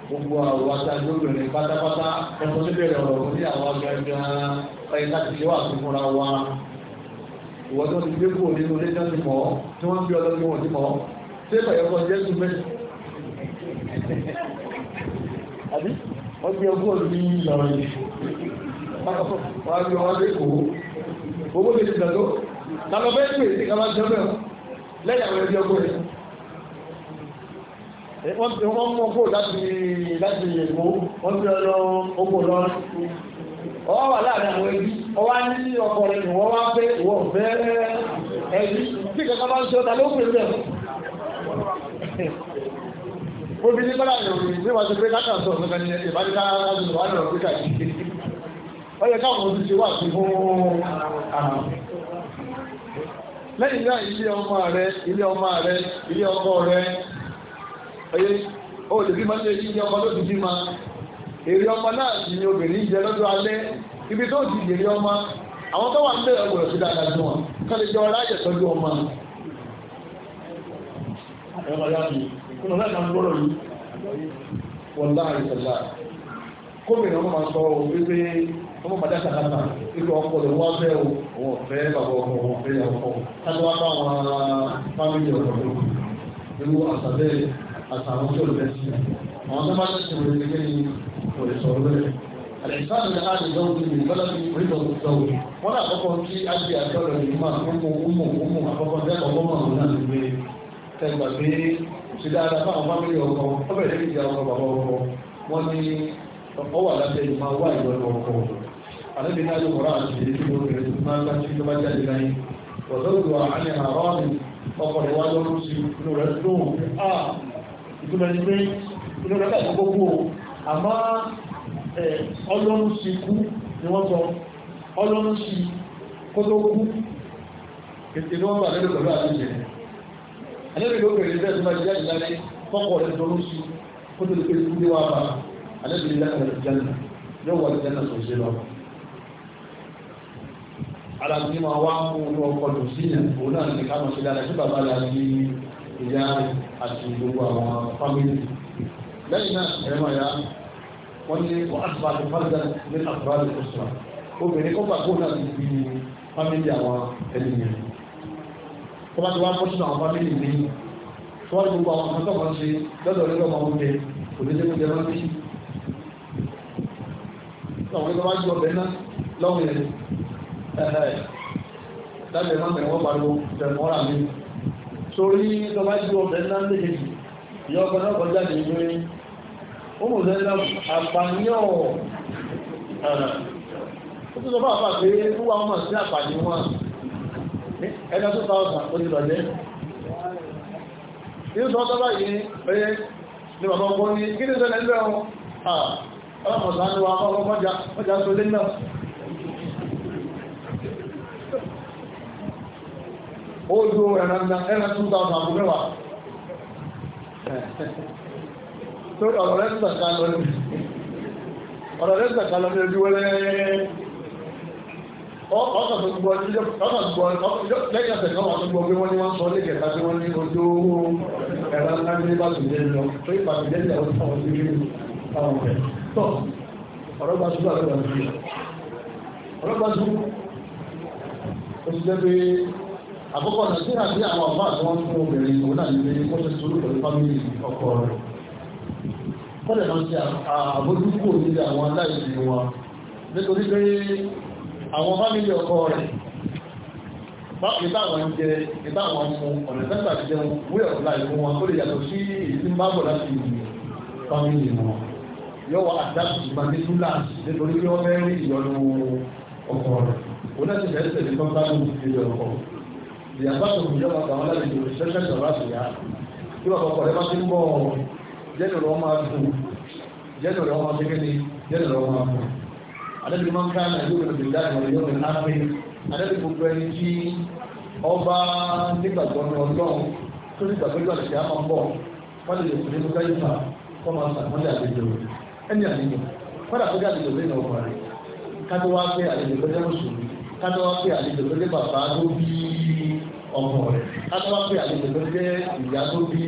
gbogbo àwọn aṣáájú obìnrin pátápátá ẹ̀fọ́ tó bẹ̀rẹ̀ ọ̀rọ̀ ní àwọn agbẹ̀gbẹ̀ ẹ̀yìn láti ṣe wà fún fúnra wa ìwọ́n tó ti gbé kúrò nínú ilé náà ti mọ̀ tí wọ́n ń bí ọlọ́gbọ́n wọn ti mọ̀ ṣé ìbẹ̀yẹ̀kọ́ jésù mẹ́sì àbí wọ́n gbé ọgbọ́n òní ní ìlọrin wọ́n gbé ọwọ́ lé kòó owó lè ti dàdó lálọ́ bẹ́ẹ̀ Eh, wọ́n mú ọgbọ́ láti láti èkó wọ́n ti lọ ọgbọ́ lọ ọwọ́ wà láàrin àwọn ẹbí ọwọ́ ní ọkọ̀ rẹ̀ ni wọ́n wá pé wọ́n fẹ́ ẹbí tí kankan bá ń ṣe ọ̀tà ló pè bẹ́ẹ̀ obìnrin bọ́lá ní wàá ti pé ní ẹ̀sìn ìbájú pé káàkiri ó yẹ káwọn òbí lẹ́yìn náà ilé ọmọ rẹ ilé ọmọ rẹ ilé ọkọ rẹ ọyẹ ó lè bímọ ní èyí ní ọmọ ló ti bímọ èrè ọmọ náà ni obìnrin jẹ lọ́dọ̀ alẹ́ ibi tó ti èrè ọmọ àwọn tó wà ń bẹ̀rẹ̀ ọgbọ̀rọ̀ sí dáadáa sí wọn kọ́ lè jọ ọ̀rá ayẹ̀ tọ́jú ọmọ gómìnà ọmọ máa sọ wípé ọmọ padà sàkàtà ìlú ọkọ lè wá bẹ́ẹ̀ òun ọ̀fẹ́ bàbá ọkọ òun ọ̀fẹ́ ìyàwó ọkọ kájọ wá bá wọn fámìlì ọ̀dọ́ ìlú àṣàbẹ́ẹ̀ àtàwọn tí ó lẹ̀ sí àwọn tó bá tẹ̀ sí wọlé gẹ́gẹ́ ni kò lè sọ̀rọ̀ lẹ̀ àlẹ́sàtò ní àti ọzọ ní ìlú bọ́lá ní orílẹ̀ òkú tó wọ́n náà kọ́kọ́ kí á ìtumọ̀ ní pé inú rẹ̀ kàkọ́ gbogbo àmọ́ ọlọ́run sí kú ni wọ́n sọ ọlọ́run sí kó tó kú ètè ní wọ́n bà lẹ́lẹ́ pẹ̀lú àdéjẹ alẹ́bí ló bẹ̀rẹ̀ bẹ́ẹ̀ tó máa jẹ́ ìlànà fọ́kọ̀ rẹ̀ lọ́rún sí kó tó lè pé kú ní wàá bá alẹ́bí lè lẹ́kọ̀ọ́ rẹ̀ jẹ́nà yóò wà jẹ́nà tó ṣe lọ. alábìyí máa wá mú ọkọ̀ lọ sí ìyẹn òun náà ní ká mọ̀ sí dára sí bàbá rẹ̀ àti ìyá rẹ̀ àti gbogbo àwọn fámìlì lẹ́yìn náà ẹ̀rọ máa yá wọ́n ní wọ́n á bá àtúfáàdà ní àtúfáàdà ìṣòro obìnrin kó gbàgbó náà ti fi fámìlì àwọn ẹni yẹn tó bá ti wá fọ́sùn àwọn fámìlì ní tó wá gbogbo àwọn kan tó kàn ṣe lọ́dọ̀ orí lọ́mọ oúnjẹ kò ní sẹ́kùn jẹ àwọn ìgbà wájú ọbẹ̀ náà lọ́wọ́ yẹn lábẹ́ máa mẹ́wọ́ pariwo tẹ̀mọ́ra torí tọba jí ọ̀fẹ́ ńlá méjèèjì yọ ọkọ̀ náà kọjá ní ìlú rí ó mú sẹ́lá àpàníọ̀ ọ̀nà ó tún sọ fún àpà pé wúwa ọmọ sí àpàní wọn ẹgbẹ́ tó tàọ́sà ó ti lọ́jẹ́ inú sọ tọ́lá yìí pẹ́yẹ ní bàbá ọkọ̀ ní kí ní sẹ́lẹ̀ ń bẹ́ẹ̀ ó dúró ẹ̀rọ ẹ̀rọ two thousand àbúrò mẹ́wàá tó ọ̀rọ̀ rẹ̀ tó sàkà lọ ní ọ̀rọ̀ rẹ̀ tó sàkà lọ ní ojú wẹ́lẹ́ ọkọ̀ tó gbọ́ lẹ́yìn ọ̀sẹ̀ kan wà tó gbọ́ pé wọ́n ní wọ́n sọ lé kẹta tí wọ́n ní ojú ẹ̀rọ ńlá ní bàtúndé lọ tó ìbàtúndé lọ sí àwọn ojú àwọn ọ̀rẹ́ tó ọ̀rọ̀ bá ṣubú àti àkọ́kọ́ ọ̀nà tí àti àwọn àbá àti wọ́n fún obìnrin òun náà nílé wọ́n ti sọ́dún pẹ̀lú fámìlì ọkọ rẹ̀ kọ́lẹ̀ máa ṣe àbójúkò nílé àwọn aláìsí wọn nítorí pé àwọn fámìlì ọkọ rẹ̀ ìbáwọn jẹ ìbáwọn mú ọ̀nà tẹ́gbà jẹun wíyọ̀ láì fún wọn tó lè yàtọ̀ sí ìdí mbábọ̀ láti fámìlì wọn yóò wá àdáàbò ìgbàgbé túláàsì nítorí pé wọ́n fẹ́ rí ìyọnu ọkọ rẹ̀ òun náà ti fẹ́ sẹ̀lẹ̀ tó bá lù ìyàgbá tó kùn jọba àwọn alálejò ìṣẹ́ṣẹ́ ìjọba sì yá kí bàbá ọkọ̀ rẹ̀ bá ti ń bọ̀ jẹ́nu rẹ̀ ọmọ àdùn jẹ́nu rẹ̀ ọmọ akékeré jẹ́nu rẹ̀ ọmọ àdùn adébí máa ń ká náà yóò rẹ̀ dá ìwọ̀n yóò rẹ̀ náà pé adébí gbogbo ẹni tí ọba nígbàgbọ́ ní ọlọ́run tó nígbàgbọ́ ní àṣìṣe àmọ́ bọ̀ wọ́n lè lè fún nínú káyífà kọ́ máa sàkọ́lé àlejò ẹni àlejò ọkọ rẹ̀ látọ́wá pé àlejò tó jẹ́ ìyá tó bí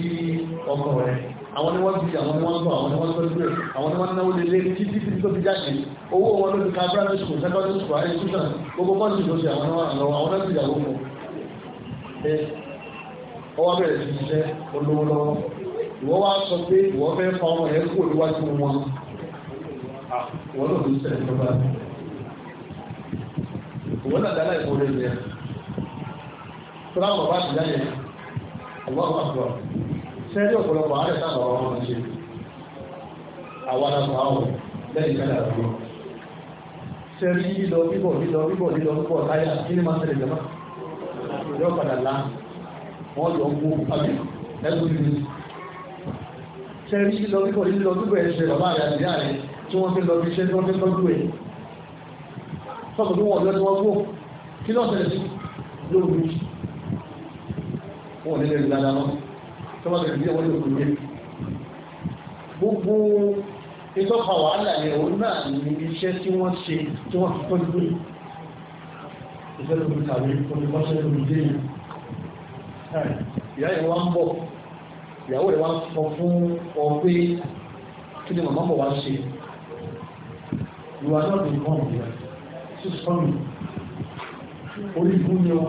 ọkọ rẹ̀ àwọn ni wọ́n bí àwọn ni wọ́n gbọ́ àwọn ni wọ́n tọ́jú ẹ̀ àwọn ni wọ́n náwó lè lé títí títí tó fi jáde owó wọn ló fi ka primary school secondary school high school gbogbo bọ́ọ̀lù tó ṣe àwọn náà lọ àwọn náà ti yàwó fún ọwọ́ bẹ̀rẹ̀ sí iṣẹ́ olówó lọ́wọ́ ìwọ wá sọ pé ìwọ fẹ́ fa ọmọ yẹn kó níwájú wọn ìwọ náà ló ṣẹlẹ̀ lọ́ba ìwọ náà dáná ìfowópamọ́ tó láwọn bàbá àti jáde ọgbọ́n àgbà sẹ́ẹ̀dì ọ̀pọ̀lọpọ̀ àárẹ̀ sábà wọn máa ṣe àwọn àwọn àwọn lẹ́yìn kẹ́lẹ́ àdúgbò sẹ́ẹ̀dì lílọ bíbọ̀ lílọ bíbọ̀ lílọ bíbọ̀ táyà kí ni máa ń tẹ̀lé jọba yóò padà lá wọ́n lọ gbó àbí ẹgbẹ́ mi sẹ́ẹ̀dì lílọ bíbọ̀ lílọ bíbọ̀ ẹ̀ ṣe bàbá rẹ̀ àti ìyá rẹ̀ tí wọ́n wọn ò nílé rí tó bá tẹ̀lé ìyàwó yóò kú gbogbo ìtọ́ka wàhálà yẹn òun náà ní iṣẹ́ tí wọ́n ṣe tí wọ́n fi tọ́jú iṣẹ́ ló fi kàwé olùkọ́ṣẹ́ ló ìyá yẹn ń bọ̀ ìyàwó rẹ̀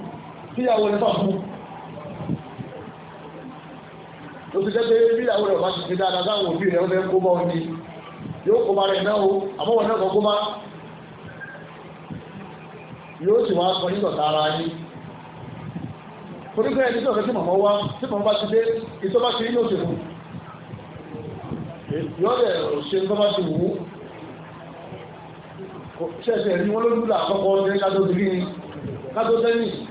síyàwó rẹ̀ náà mú ó ti jẹ́ pé bíyàwó rẹ̀ bá ti fi dáadáa sáwọn òbí rẹ̀ ó fẹ́ kó bá ọdí yóò kó bá rẹ̀ náà o àmọ́wọ̀n náà kó bá yóò sì wá sọ nígbà tààrà yìí onígbà ẹni tí ọ̀rẹ́ tí màmá wá tí màmá bá ti dé ìtọ́ bá ti rí ní òṣèlú yóò dẹ̀ ṣe tó bá ti wù ṣẹ̀ṣẹ̀ ní wọ́n ló lúlà àkọ́kọ́ ọdún kájọ́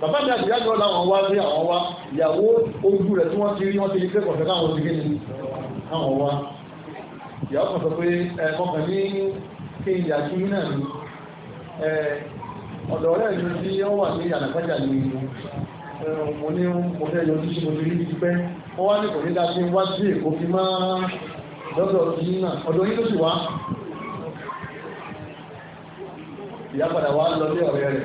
bàbá mi àti ìyá mi láwọn wá sí àwọn wá ìyàwó ojú rẹ̀ tí wọ́n ti rí wọ́n ti rí pé kọ̀ọ̀fẹ́ káwọn ti gẹ́ni àwọn wá ìyàwó kan sọ pé ẹ̀kọ́kàn ní kí ìyà kí náà ni ọ̀dọ̀ ọ̀rẹ́ ìlú tí ó wà ní ànàkájà ni mo ní mo fẹ́ yọ sí mo ti rí ti pẹ́ wọ́n wá ní kò ní dájú wá sí èkó fi máa lọ́dọ̀ yìí náà ọ̀dọ̀ yìí ló sì wá ìyá padà wá lọ sí ọ̀rẹ́ rẹ̀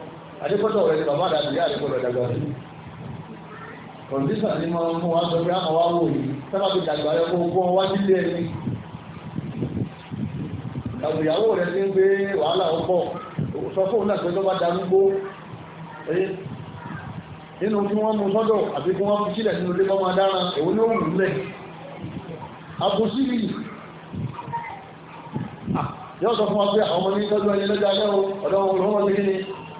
adékọ́tọ̀ rẹ̀ ni bàbá àdàbí yá àdékọ́tọ̀ dàgbà rẹ̀ kọ̀ǹdíṣà ni máa ń mú wa sọ pé àwọn awò yìí sábà fi dàgbà rẹ̀ fún ogún wá sílé ẹni àwọn ìyàwó rẹ̀ ti ń gbé wàhálà ọ̀pọ̀ sọ fóun náà pé tó bá darúgbó nínú tí wọ́n mú sọ́dọ̀ àti kí wọ́n fi sílẹ̀ nínú ilé bọ́mọ adára èwo ni ó wù lẹ̀ àbòsí yìí ah, yóò sọ fún wa pé àwọn ọmọ ní tọ́jú ẹni lọ́jọ́ alẹ́ o ọ̀dọ́ wọn lọ́wọ́ ní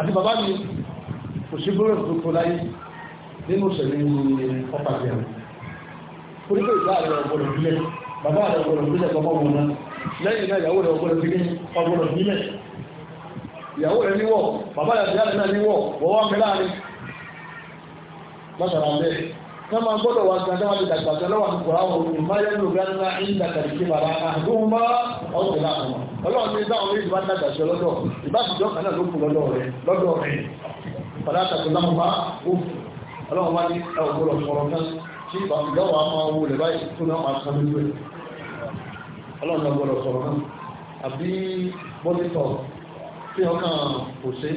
àti bàbá mi kò sí búrẹ́dì tó kó láyé nínú ìṣẹ̀lẹ̀ ọ̀pá ìyàwó orílẹ̀ ìgbà rẹ̀ ọ̀gbọ̀rọ̀ ìbílẹ̀ bàbá rẹ̀ ọ̀gbọ̀rọ̀ ìbílẹ̀ bàbá wọn náà lẹ́yìn náà ìyàwó rẹ̀ ọ̀gbọ̀rọ̀ ìbílẹ̀ ọ̀gbọ̀rọ̀ ìbílẹ̀ ìyàwó rẹ̀ níwọ̀ bàbá rẹ̀ ìyá rẹ̀ náà ni lọ́sàrà bẹ́ẹ̀ wọ́n máa gbọ́dọ̀ wá gbàdá wà dìgbà gbàdá lọ́wọ́ àti kòrá wọn ni ọlọ́run ní báwọn méjì bá dàgbà sí ọlọ́dọ̀ ìbáṣìjọ́ kan náà ló kù lọ́dọ̀ rẹ̀ lọ́dọ̀ rẹ̀ padà tàbí lámọ́bá ó ọlọ́run wá ní ẹ̀wọ̀gbọ́lọ̀ sọ̀rọ̀ kan tí ìbáwọ̀ á máa wo lè báyìí tó náà máa san lójú ẹ̀ ọlọ́run ọgbọ́lọ̀ sọ̀rọ̀ kan àbí bọ́lítọ̀ tí wọ́n kàn kò sí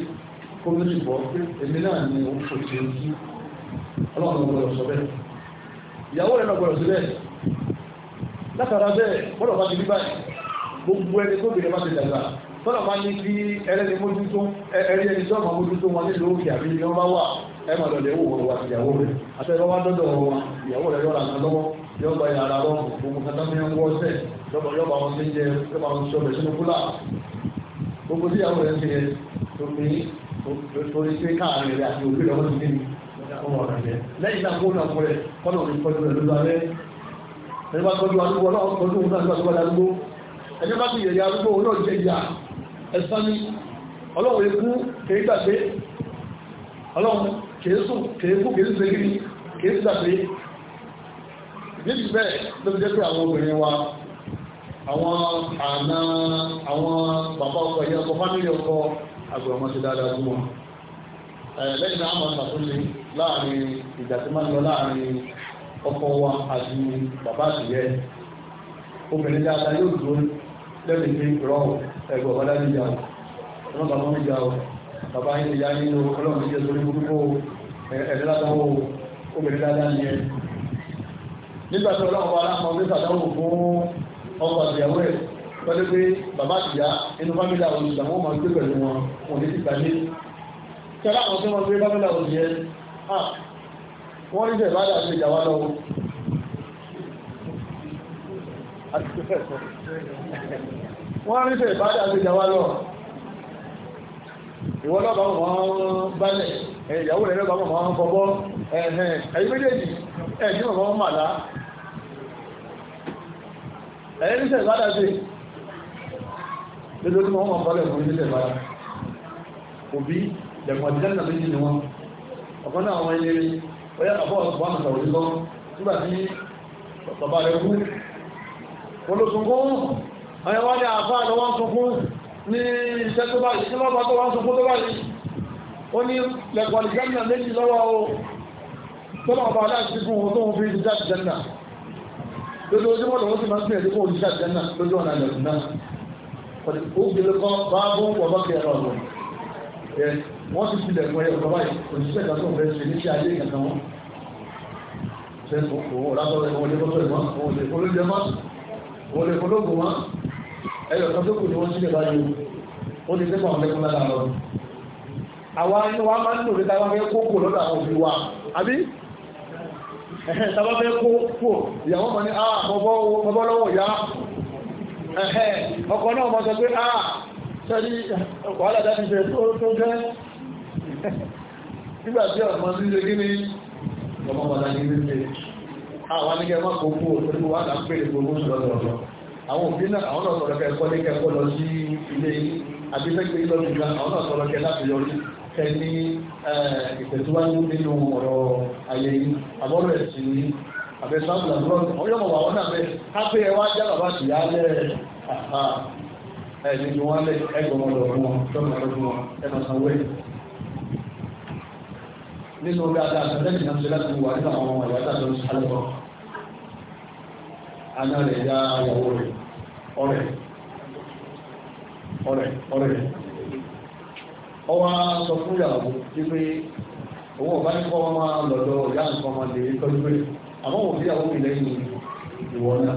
kó méjì bọ́ èmi náà ni ó kò sí ojú ọlọ́run ọgbọ́lọ̀ sọ bẹ́ẹ̀ ìyàwó rẹ̀ náà gbọ́dọ̀ sí bẹ́ẹ̀ látara bẹ́ẹ̀ gbogbo ẹni tó bèèrè bá ti dàgbà tọ́lọ̀ bá ní kí ẹlẹ́ni mójútó ẹrí ẹni tó ọmọ mójútó wọn nílò òkè àbí ni wọ́n bá wà ẹ máa lọlẹ̀ wò wọ́n wà sí ìyàwó rẹ̀ àtẹ́wọ́ wá dọ́dọ̀ wọn ìyàwó rẹ̀ yọ̀rọ̀ àná lọ́wọ́ yọ̀ gba yàrá lọ gbogbo kata mi ń wọ́ sẹ̀ yọ̀bà wọn ti jẹ yọ̀bà wọn ti náà kó náà fún ẹni bá ti yẹ̀yà arúgbó òun náà jẹ ìyà ẹ̀sán ní ọlọ́run ikú kèé gbàgbé ọlọ́run kèé sùn kèé kú kèé sùn kiri kèé sì gbàgbé níbi bẹ́ẹ̀ ló fi jẹ́ pé àwọn obìnrin wa àwọn àna àwọn bàbá ọkọ ìyá ọkọ fámìlì ọkọ àgbẹ̀ ọmọ ti dáadáa fún wọn lẹ́yìn náà obìnrin dáadáa yóò dúró lẹ́bìn pé rọrùn ẹgbẹ̀ ọ̀bádá ní ìyàwó ọ̀nà bàbá mi jà ọ̀ bàbá yìí ìyá nínú ọlọ́run jẹ́ torí gbogbo ẹ̀rẹ́ látàwọ̀ obìnrin dáadáa ni ẹ nígbà tí ọlọ́run wa lápá ọdún sàdáwò fún ọkọ̀ ìyàwó ẹ̀ pẹ̀lú pé bàbá ìyá inú fámílà olùsàmọ́ máa gbé pẹ̀lú wọn wọn ní ìgbà ní tẹ́lá àwọn tí wọ́n gbé fámílà olùyẹ wọ́n ní bẹ̀rẹ̀ bá dà sí ìjà wa lọ́wọ́ wọ́n rí bẹ́ẹ̀ bá dàbí ìjàwá lọ ìwọ náà bá mọ̀ ọ́n balẹ̀ ìyàwó rẹ̀ náà bá mọ̀ ọ́n fọwọ́ ẹ̀yìn méjèèjì ẹ̀yìn mọ̀ ọ́n màlá ẹ̀yìn rí bẹ́ẹ̀ bá dàbí lójú wọn mọ̀ balẹ̀ fún ilé bá òbí lẹ̀kùn àdìjẹ́ náà méjì ni wọn ọ̀kan náà wọn ilé ọyá àbọ̀ ọ̀pọ̀ àmọ̀ olóṣùnkún ẹ̀wọ́n ni àfá àlọ́wọ́ sunkún ní iṣẹ́ tó báyìí tí wọ́n bá tó wọ́n sunkún tó báyìí ó ní lẹ́kọ̀ọ́ àlìjẹ́nà méjì lọ́wọ́ o tó máa bá aláìsí fún ohun tó ń fi ìdíjà àlìjẹ́nà lójoojúmọ́ lòun sì máa ń gbìyànjú fún òdíjà àlìjẹ́nà lójú ọ̀nà àlẹ́kùn náà ó gbélé kan bá bó wọ́n bá kẹ́ ẹ̀rọ ọ̀gbọ̀n wọ́n ti tilẹ̀ fún ẹ̀yọ̀ kọ́bá yìí òṣìṣẹ́ ìgbà tó ń bẹ̀rẹ̀ sí ní ṣe ayé ìgbà kan wọn. ṣé òun ò látọ̀ ẹ̀wọ̀n olè wọ́n lè pológun wọn ẹyọ kan tó kù ni wọ́n sílẹ̀ báyìí ó lè tẹ́kọ̀ọ́ àwọn ẹgbẹ́ lára lọ. àwa inú wa máa ń lò níta wọn fẹ́ kó kò lọ́dọ̀ àwọn òbí wa àbí tábà fẹ́ kó kò ìyàwó kan ní ah bọ́bọ́ lọ́wọ́ ìyá ọkọ náà mọ sọ pé ah sẹ́ni wàhálà dáni ṣe tó jẹ́ nígbà tí ọ̀pọ̀ nílé kí ni ọmọ pàtàkì nílé àwọn anigẹ́ wọn kò kú òtòrí wọn kà ń pèrè gbogbo lọ́dọọdọ àwọn òbí náà àwọn náà sọ̀rọ̀ kẹ́kọ́ ní kẹ́kọ́ lọ sí ilé abisẹ́gbẹ́ lọ́dún ìgbà àwọn náà sọ̀rọ̀ kẹ́ láti yọrí kẹ́ ní ìtẹ̀síwájú nínú ọ̀rọ̀ ayé yìí àbọ̀rọ̀ ẹ̀sìn yìí àbẹ̀sáàbù làbúrọ̀ ọ̀yọ́mọ̀ wà wọ́n ni wọ́n lé ẹgbọ̀n ọ̀dọ̀ fún wọn tọ́nà ọdún wọn ẹnà sanwó ẹ̀. nínú orí adá àtẹ́lẹ́sì náà ṣe láti wà nígbà àwọn ọmọ ìyá aná rẹ̀ àyàwó rẹ̀ ọ̀rẹ́ ọ̀rẹ́ ọ̀rẹ́ ọwá sọ fún ìyàwó tí pé owó ọ̀bá ní kọ́ máa lọ́dọ̀ ìyá nǹkan máa lè tọ́jú pé àmọ́ wọ́n fi ìyàwó mi lẹ́yìn ìwọ náà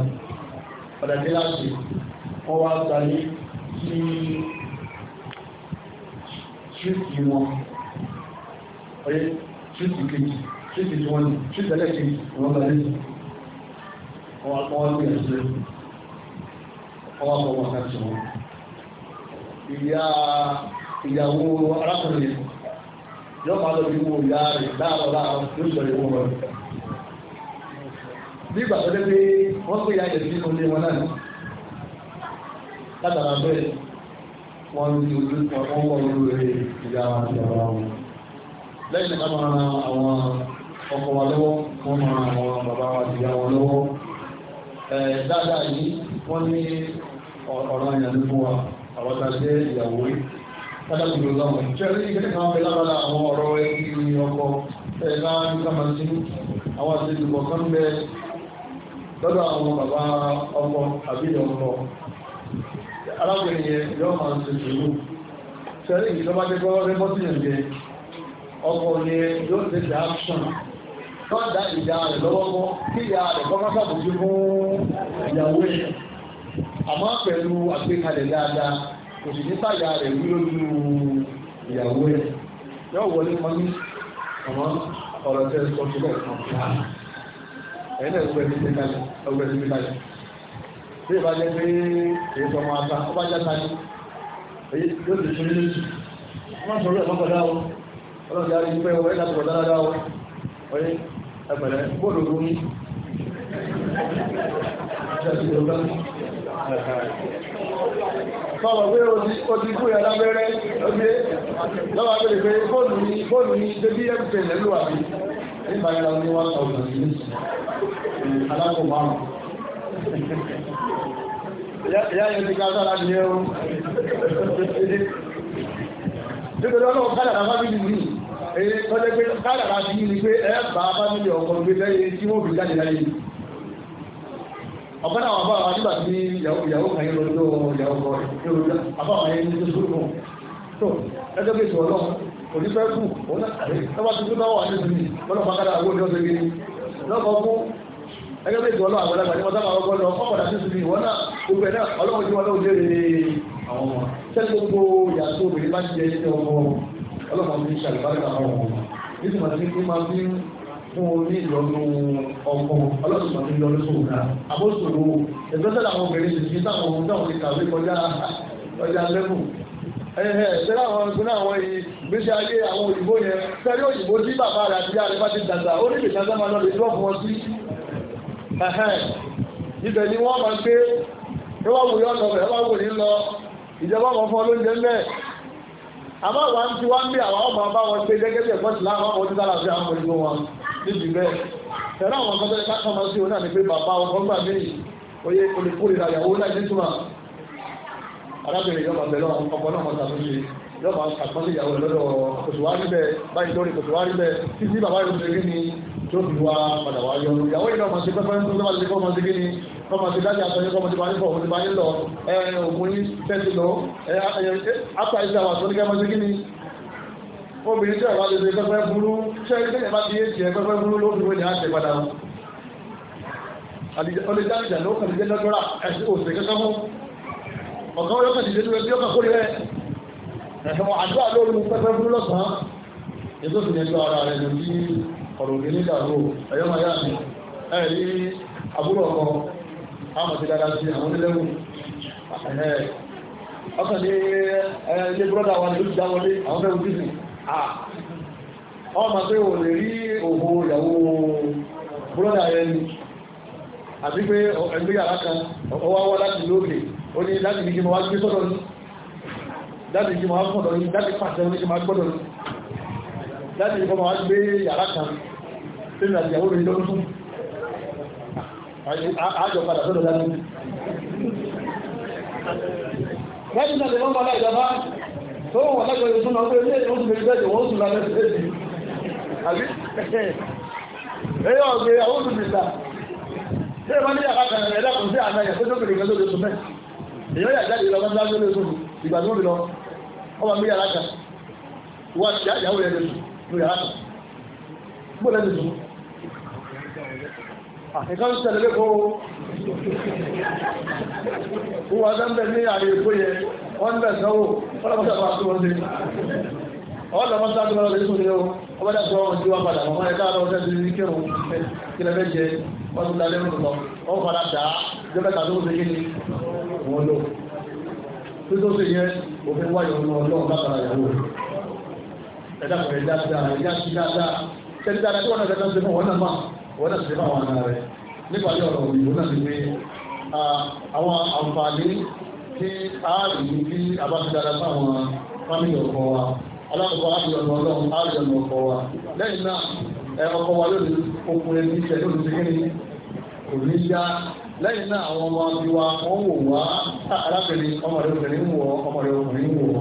padà dé láti wọ́n wá gba ní kí ṣíìtì wọn ọyẹ ṣíìtì kejì ṣíìtì tí wọ́n ní ṣíìtì ẹlẹ́kejì wọ́n gba lẹ́yìn ọwọ́ akọ́wọ́ ní ẹ̀sẹ̀ ọwọ́ akọ́wọ́ àkàtì wọn ìyàwó arákùnrin yóò máa lọ bí wo ìyá rẹ̀ láàrọ̀ láàrọ̀ yóò sọ ìwọ rẹ̀ bí ìgbà tó dé pé wọ́n pè ya ẹ̀sìn inú ilé wọn náà látara bẹ́ẹ̀ wọ́n ń di ojú kan wọ́n wọ́n lórí rẹ̀ ìyá wọn àti ọ̀rọ̀ wọn lẹ́yìn ká máa ran àwọn ọkọ wa lọ́wọ́ wọ́n máa ran àwọn bàbá wa àti ìyá wọn lọ́wọ́ dáadáa yìí wọ́n ní ọ̀rọ̀ ìyàní fún wa àwọn a jẹ́ ìyàwó rí dáadáa lọ́wọ́ ṣé ẹni kan bẹ lábala àwọn ọ̀rọ̀ ẹni ọkọ ẹ̀ náà ní kàmáṣí àwọn kan bẹ lọ́dọ̀ àwọn bàbá àbí yẹn kọ́ da ìyá rẹ̀ lọ́wọ́ mọ́ kí ìyá rẹ̀ kọ́ má sàbójú fún ìyàwó rẹ̀ àmọ́ pẹ̀lú àgbékalẹ̀ dáadáa kò sì ní sáyà rẹ̀ wí lójú ìyàwó rẹ̀ yóò wọlé pọnmi àmọ́ ọ̀rọ̀ tẹ́ sọ sílẹ̀ kan ẹ̀yìn náà gbẹ ní kíkalẹ̀ ọgbẹ ní kíkalẹ̀ bí ìbá jẹ́ pé èyí sọ máa ta ọba jẹ́ tani èyí yóò ti fún yín wọ́n sọ̀rọ̀ ẹ̀ mọ́kànlá o ọlọ́run darí pé ọwọ́ ẹ̀ láti wọ̀ dáadáa o ọyẹ́ ẹgbẹ̀rẹ̀ bóòlù gómi Fọ́wọ̀ pé ó ti kú ìyàdá bẹ́rẹ́ lóde lọ́wọ́ pé pé bóòlù ní bóòlù ní débí ẹ̀kùtẹ̀ lẹ́lú àbí nípa ẹ̀rọ ní wọ́n sọ ọ̀nà sí alákò márùn. Ìyá yẹn ti ká sára ní ẹ̀rọ. Nítorí ọlọ́wọ́ kádà èyí kọjá pé káàdà ti ní pé ẹ bá fámìlì ọkọ gbé lẹ́yìn tí wọ́n fi jáde láyé yìí ọ̀pọ̀ náà nígbà tí ìyàwó kan yóò lọ́jọ́ ìyàwó kan yóò lọ́jọ́ àbáwọn ẹni tó sórí tó ẹjọ́ bí ìṣòro ọlọ́run kù òun náà àrẹ lọ́wọ́ tó náwó àti ní wọ́n sábà ọlọ́pàá fi ṣàlùbáríkà àwọn ọmọ nítorí màá ti ní máa fi ń fún orí ìlọ́nu ọkọ̀ ọlọ́sùn àti ìlọ́nu sòwòrán àbóṣòwò ẹ̀gbẹ́sẹ̀ làwọn obìnrin ti fi táwọn ohun táwọn ti kàwé kọjá ọjà lẹ́bù ẹ̀hẹ̀ tẹ́lẹ̀ àwọn ọdún àwọn ìgbésí ayé àwọn òyìnbó yẹn tẹ́lẹ̀ òyìnbó tí bàbá rẹ̀ àti yára bá ti dàgbà ó ní ìgbésí ajá máa lọ lè dúrọ̀pù wọn sí ẹ̀hẹ̀ ibẹ̀ ni wọ́n máa gbé ẹwà wòye ọ̀nà ọ̀bẹ̀ ẹwà wòye lọ ìjọba kan fọ́ lóúnjẹ mẹ́ẹ̀ àmọ́ wà ń ti wá ń bí àwọn ọmọ bá wọn ṣe gẹ́gẹ́ bí ẹ̀kọ́ ìsìlámù àwọn ọmọdé sára sí àwọn ìlú wọn níbi bẹ́ẹ̀ ẹ̀rọ àwọn ọmọ tẹ́lẹ̀ kákan máa ń sí òun náà ni pé bàbá ọkọ gbà mí oyè olùkórè ra ìyàwó láì nítumà arábìnrin yóò máa bẹ̀rẹ̀ ọkọ náà máa ṣàtúnṣe yóò máa ṣàtúnṣe ìyàwó lọ́dọ̀ kòtùwárí bẹ́ẹ̀ báyìí lórí kòtùwárí bẹ́ẹ̀ títí bàbá yóò ṣe rí ni tó fi wá padà wá yọ ìyàwó yìí náà máa ṣe pẹ́pẹ́ ní tó máa ṣe kọ́ máa ṣe kí ni kọ́ máa ṣe dájú àtọ́jú kọ́ máa ṣe báyìí bọ̀ òun ti báyìí lọ ẹ òun yìí tẹ́sí lọ ẹ apá ìṣe àwọn àtọ́jú kẹ́ máa ṣe kí ni obìnrin tí ọ̀rọ̀ àdéhùn pẹ́pẹ́ burú ṣé ilé ìyẹn bá ti yé tiẹ̀ pẹ́pẹ́ burú ló fi wé a àṣẹ padà olùdáríjà ló kàn lè lọ́dọ́rà ẹ̀sìn òsè kankan fún ọ̀kan yóò kàn lè lé ètò sì ní ẹjọ́ ara rẹ̀ ló bí ọ̀rọ̀ òde nígbàgbọ́ ẹ̀yọ́ máa yá mi ẹ̀ rí àbúrò ọkọ àmọ̀ ti dáadáa sí àwọn onílẹ́wù ọkàn ní ilé búrọ́dà wa ni ó ti dá wọlé àwọn fẹ́ ojú ọmọ pé o lè rí òhò ìyàwó búrọ́dà rẹ ni àbí pé ẹgbẹ́ yàrá kan ọwọ́ wá láti lókè ó ní láti ní kí mo wá gbé sọ́dọ̀ ní láti kí mo wá gbọ́dọ̀ ní láti pàṣẹ ní kí gbọ́dọ̀ ní láti ìfọ́ máa gbé yàrá kan sínú àjẹ́wò mi lọ́rùn fún àjọ padà sọ́dọ̀ láti lẹ́yìn náà lọ́wọ́ bàbá ìjọba tó wọ́n lẹ́gbẹ̀ẹ́ ìlú súnmọ́ pé ilé ìwọ̀n tún bẹ̀rẹ̀ wọ́n sùn lálẹ́ sí èdè àbí ẹ̀yọ́ ọ̀gbẹ̀ àwọn òṣù bìtà tí ẹ̀rọ ní yàrá kan ẹ̀dá kùn sí àmì ẹ̀yẹ̀ tó bèrè lórí oṣù mẹ́ èyàn yà jáde lọ bá lórí tó ó wà sẹ́ńbẹ̀ ní àyè yẹ wọ́n bẹ̀ sọ́wọ́ ọlọ́mọdé àbá tó wọ́n dé ọlọ́mọdé àbá tó wọ́n dé sóde yẹ o ọmọdé àbá wọn ti wá padà wọn máa ká lọ́wọ́ sẹ́ńbẹ̀ ní kírun kílẹ̀ bẹ́ wọ́n tún dalẹ́ nínú lọ wọ́n fara dà á jẹ́bẹ́ tà tó ń segin ẹ̀dá kò rẹ̀ dáadáa ẹ̀dá sí dáadáa tẹ́lí dáadáa tí wọ́n náà tẹ́lá ń sẹ́fọ́ wọn náà máa wọ́n náà sẹ́fọ́ àwọn ara rẹ̀ nípa yọ̀ ọ̀rọ̀ òyìnbó náà ti pé àwọn àǹfààní tí a rí ní bí a bá ti dáadáa sáwọn fámìlì ọkọ wa alákọ̀ọ́kọ́ á rí ọ̀nà ọlọ́run á rí ọ̀nà ọkọ wa lẹ́yìn náà ẹ ọkọ wa lónìí okun ẹni iṣẹ́ lónìí ti kíni kò ní yá lẹ́yìn náà àwọn ọmọ wa wọ́n wò wá alábẹ̀rẹ̀ ọmọ rẹ̀ obìnrin wọ̀ ọmọ rẹ̀ obìnrin wọ̀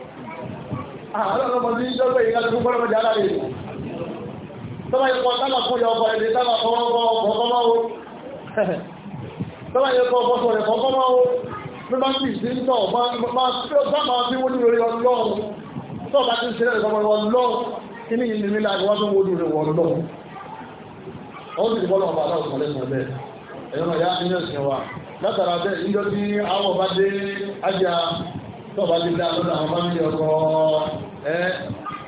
ọlọ́mọdé ìjọba ìyá tó gbọ́dọ̀ jà láàyè tọ́lá ikọ̀ sábà fún yọ ọkọ̀ ẹ̀dẹ̀ sábà fọwọ́ fọkọ́mọ́ o tọ́lá ikọ̀ fọkọ̀ rẹ̀ fọkọ́mọ́ o bí bá sì sí tọ̀ máa sábà fi wọ́n lórí ọlọ́run tọ́ bá ti ṣe lẹ́rẹ̀ sọmọ ọlọ́run kí ní ìlú nílá ni wọ́n tó wọ́n lórí ọlọ́run ó sì bọ́lọ̀ ọba aláwọ̀ sọ̀lẹ́ sọ̀lẹ́ ẹ̀yọ́n ya ní ẹ̀sìn wa látara bẹ́ẹ̀ níjọ́ tí àwọn ọba dé ájá tọ́ba lè dá lọ́dọ̀ àwọn fámìlì ọkọ ẹ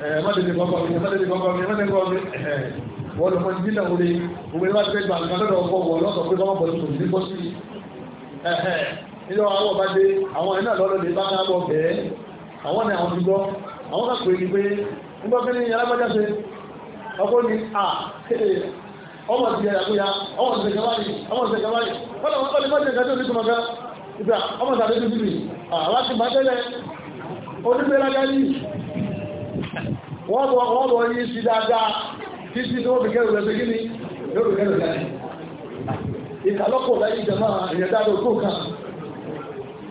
ẹ mọ́tẹ́lẹ́ kọ́kọ́ mi mọ́tẹ́lẹ́ kọ́kọ́ mi mọ́tẹ́lẹ́ kọ́kọ́ mi wọ́n lọ́mọ ní bílẹ̀ wọlé òwe wá pé gbà nǹkan lọ́dọ̀ ọkọ wọ̀ lọ́sọ̀ pé kọ́mọ́ bọ̀dọ̀ tòun ní bọ́sí nílò àwọn ọba dé àwọn iná lọ́dọ̀ lè ni ọmọ ọmọ ọmọ àwọn ti bá tẹ́lẹ̀ onígbélágá yìí wọ́n bọ̀ yìí sí dáadáa títí tí wọ́n fi kẹ́rù rẹ̀ gíní yóò fi kẹ́rù rẹ̀ ìkàlọ́pọ̀ láyé ìjọba ìyẹ̀dá lókò kan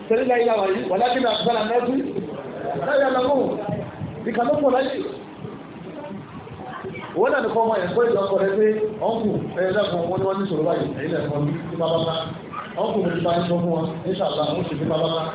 tẹ́lẹ̀ láyé láwà yìí wà lákínà àgbàlá mẹ́fí láyé aláwọ̀ ìkàlọ́pọ̀ láyé wọ́n náà nìkan ọmọ ẹ̀kọ́ ìjọ ọkọ̀ rẹ̀ pé ọ̀nkù ẹ̀ẹ́dẹ́kùn wọ́n ní sọ̀rọ̀ ní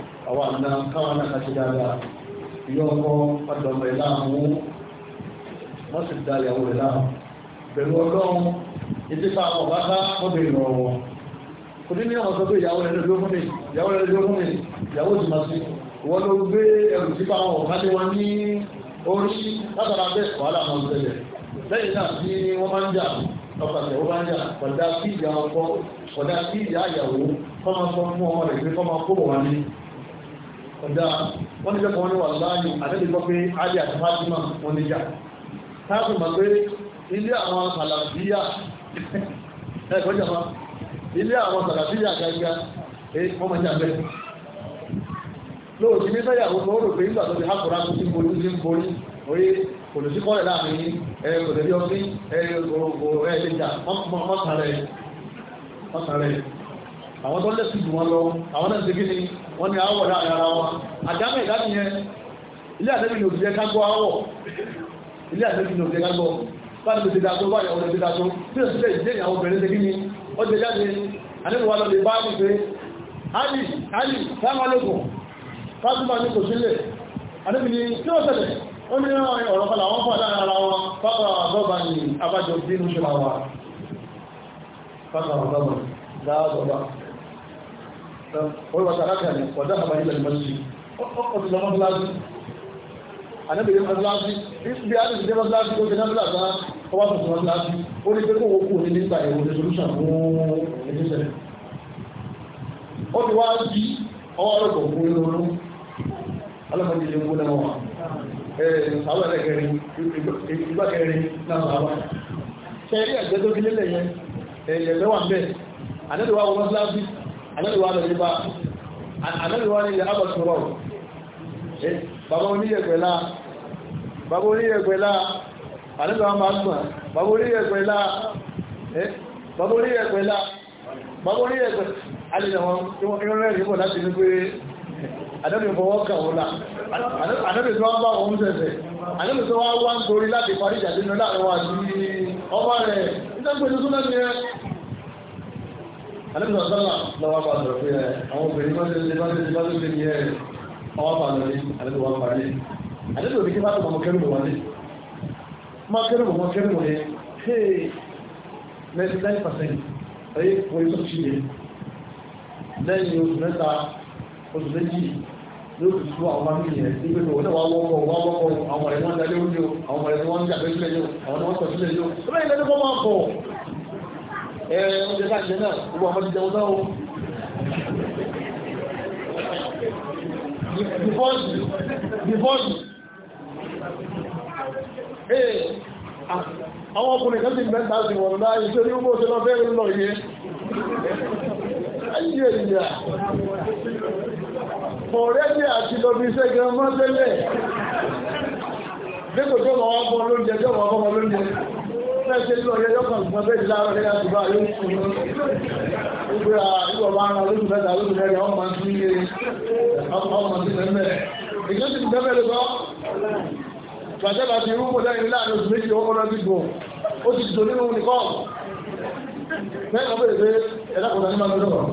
àwọn àna káwọn náà kàṣe dáadáa ìyá ọkọ ọdọọmọ ẹ láàmú wọn sì da ìyàwó rẹ láàmú pẹ̀lú ọlọ́run ètí pa àwọn ọba bá ọbẹ̀ ìrọ̀ wọn kò ní ní ọmọ sọ pé ìyàwó rẹ ló fún mi ìyàwó rẹ ló fún mi ìyàwó sì máa sí ìwọ ló gbé ẹrù sí pa àwọn ọba lé wọn ní orí látara ó bá ń jà kọ̀dá sí ìyá ọkọ kọ̀dá sí ìyá ìyàwó kọ́ sọ fún ọmọ rẹ̀ pé kọ́ kó wọn ní ọ̀dá wọ́n níjọ́ kan wọ́n wà láàyè àtẹ́lẹ́gbọ́ pé Ali àti Fatima wọ́n níjà táàbù mọ̀ pé ilé àwọn sàlàbíyà [laughs] ẹ̀kọ́ jàmá ilé àwọn sàlàbíyà gẹ́gẹ́ wọ́n máa jà bẹ́ẹ̀ lóòtí ní fẹ́yàwó kan ó rò pé nígbà tó ti hákùrá tó ti borí ti ń borí orí kò lè sí kọ́lẹ̀ láàrin ẹ̀ kò lè rí ọtí ẹ̀ ẹ̀ lè jà mọ́tàrẹ̀ àwọn tó lẹ́sìn jù wọn lọ àwọn náà ti gé wọ́n ní àwọ̀ náà yára wọn àdámẹ́ ìdájú yẹn ilé àtẹ́bí ni òṣìṣẹ́ ká gbọ́ àwọ̀ ilé àtẹ́bí ni òṣìṣẹ́ ká gbọ́ bá ti da tó báyọ̀ ọ̀rẹ́ ti da tó bí òṣìṣẹ́ ìdílé ìyàwó bẹ̀rẹ̀ ṣe kí ni ó jẹ jáde àníbi wa lọ lè bá mi pé ali ali sáwọn ológun fásitì ní kò sílẹ̀ àníbi ni kí ó ṣẹlẹ̀ ó ní ọ̀rọ̀ kan làwọn fà láàrin ara wọn pápá àgọ́bà ni abájọ bínú ṣe máa wà pápá wọ́n wọ́n sàkàkà ní ọ̀dá àbáyé lẹ́nu mọ́sí ọ̀tún lọ́mọ́ fúláṣí ànábì yẹn fúláṣí bí a ti jẹ́ fúláṣí tó ti náà fúláṣí wọ́n wá tuntun fúláṣí ó ní pé kó wọ́n kú ní nípa ìwò ní solúṣà fún ẹni sẹ́lẹ̀ ó ti wá di ọwọ́ rẹ̀ kò fún inú ọdún alámọ̀dé yẹn kó náà wà sáwọn ẹlẹ́gẹ̀rin ìgbàgẹ̀rin náà sáwọn ṣe eré ẹ̀jẹ̀ tó fi lélẹ̀ yẹn ẹ̀yẹ̀ mẹ́wàá bẹ́ẹ̀ ànábì wá anábìwá lọ nípa anábìwá ní ilẹ̀ abọ̀tọ̀rọ̀ bàbá oníyẹ̀pẹ̀lá bàbá oníyẹ̀pẹ̀lá anábìwá máa gbọ̀n bàbá oníyẹ̀pẹ̀lá bàbá oníyẹ̀pẹ̀lá bàbá oníyẹ̀pẹ̀lá alìyàn wọn tí wọ́n rẹ̀ rí bọ̀ láti ní pé anábì fọwọ́ kà wọ́n la anábì tó wá bá wọn sẹ̀sẹ̀ anábì tó wá wá ń gorí láti parí ìjà alẹ́bùsọ̀ sọ́là lọ́wọ́ bá sọ̀rọ̀ pé ẹ àwọn obìnrin bá tẹ́lẹ̀ bá tẹ́lẹ̀ bá tẹ́lẹ̀ ní ẹ ọwọ́ bá lọ ní alẹ́bùsọ̀ wọn parí alẹ́bùsọ̀ ní kí bá tó mọ kẹ́rù wọn ní mọ kẹ́rù mọ kẹ́rù ní hey ninety nine percent ẹ̀yẹ wọ́n yóò ṣì lè lẹ́yìn oṣù mẹ́ta oṣù méjì yóò fi tú àwọn mámi yẹn nígbè tó wọ́n wá wọ́pọ̀ wá wọ́pọ̀ àwọn ẹ̀wọ̀n dalẹ́ oúnjẹ àwọn ẹ̀wọ̀n jà ẹ oúnjẹ tá à o. Dìbọ́ọ̀sì dìbọ́ọ̀sì. Ee àwọn ọkùnrin kan ti mẹ́ta sí wọn náà yìí tó ní ọmọ òṣèlú ọ̀fẹ́ lọ yẹ. Ayé ìyá. Ọ̀rẹ́ ní àti lọ́bí iṣẹ́ gan mọ́ tẹ́lẹ̀. Dépò tó mọ̀ wá fún ọ lóúnjẹ tó mọ̀ fún ọ lóúnjẹ fẹ́ ṣe lọ yẹ yọkàn gbọ́n bẹ́ẹ̀ láàárọ̀ nígbà tó bá yóò fún un nígbà ìwọ̀ bá ń ra lóṣù mẹ́ta lóṣù mẹ́ta wọ́n máa ń tún yé ọmọ sí mẹ́mẹ́ ìjọ sì mẹ́mẹ́ ló sọ gbàjẹ́bà ti rú mọ́lẹ́ ilé àti oṣù méjì ọmọ náà ti gùn ó ti dùn nínú nìkan mẹ́ta bẹ̀rẹ̀ pé ẹ̀dá kọ̀ọ̀dà ní máa lọ́wọ́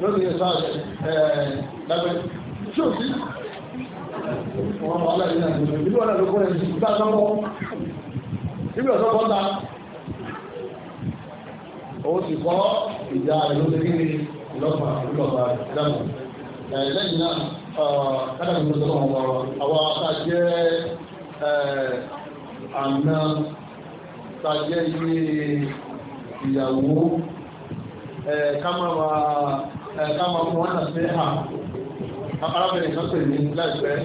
lórí ẹ̀sán ẹ̀ lábẹ́ tí ò sí ọmọ aláìní àti ìlú ọ̀nà ló kọ́ ẹ̀ níbi ọ̀sán kan ta òun sì kọ́ ìjà rẹ̀ ló ti kíni ìlọ́pàá ìlọ́pàá ìdáàbò lẹ́yìn náà kádàbí mo sọ́kàn wọn wọ́n àwa ta jẹ́ àná ta jẹ́ ilé ìyàwó ká máa ká máa fún wọn àti hà arábìnrin kan pè ní láìpẹ́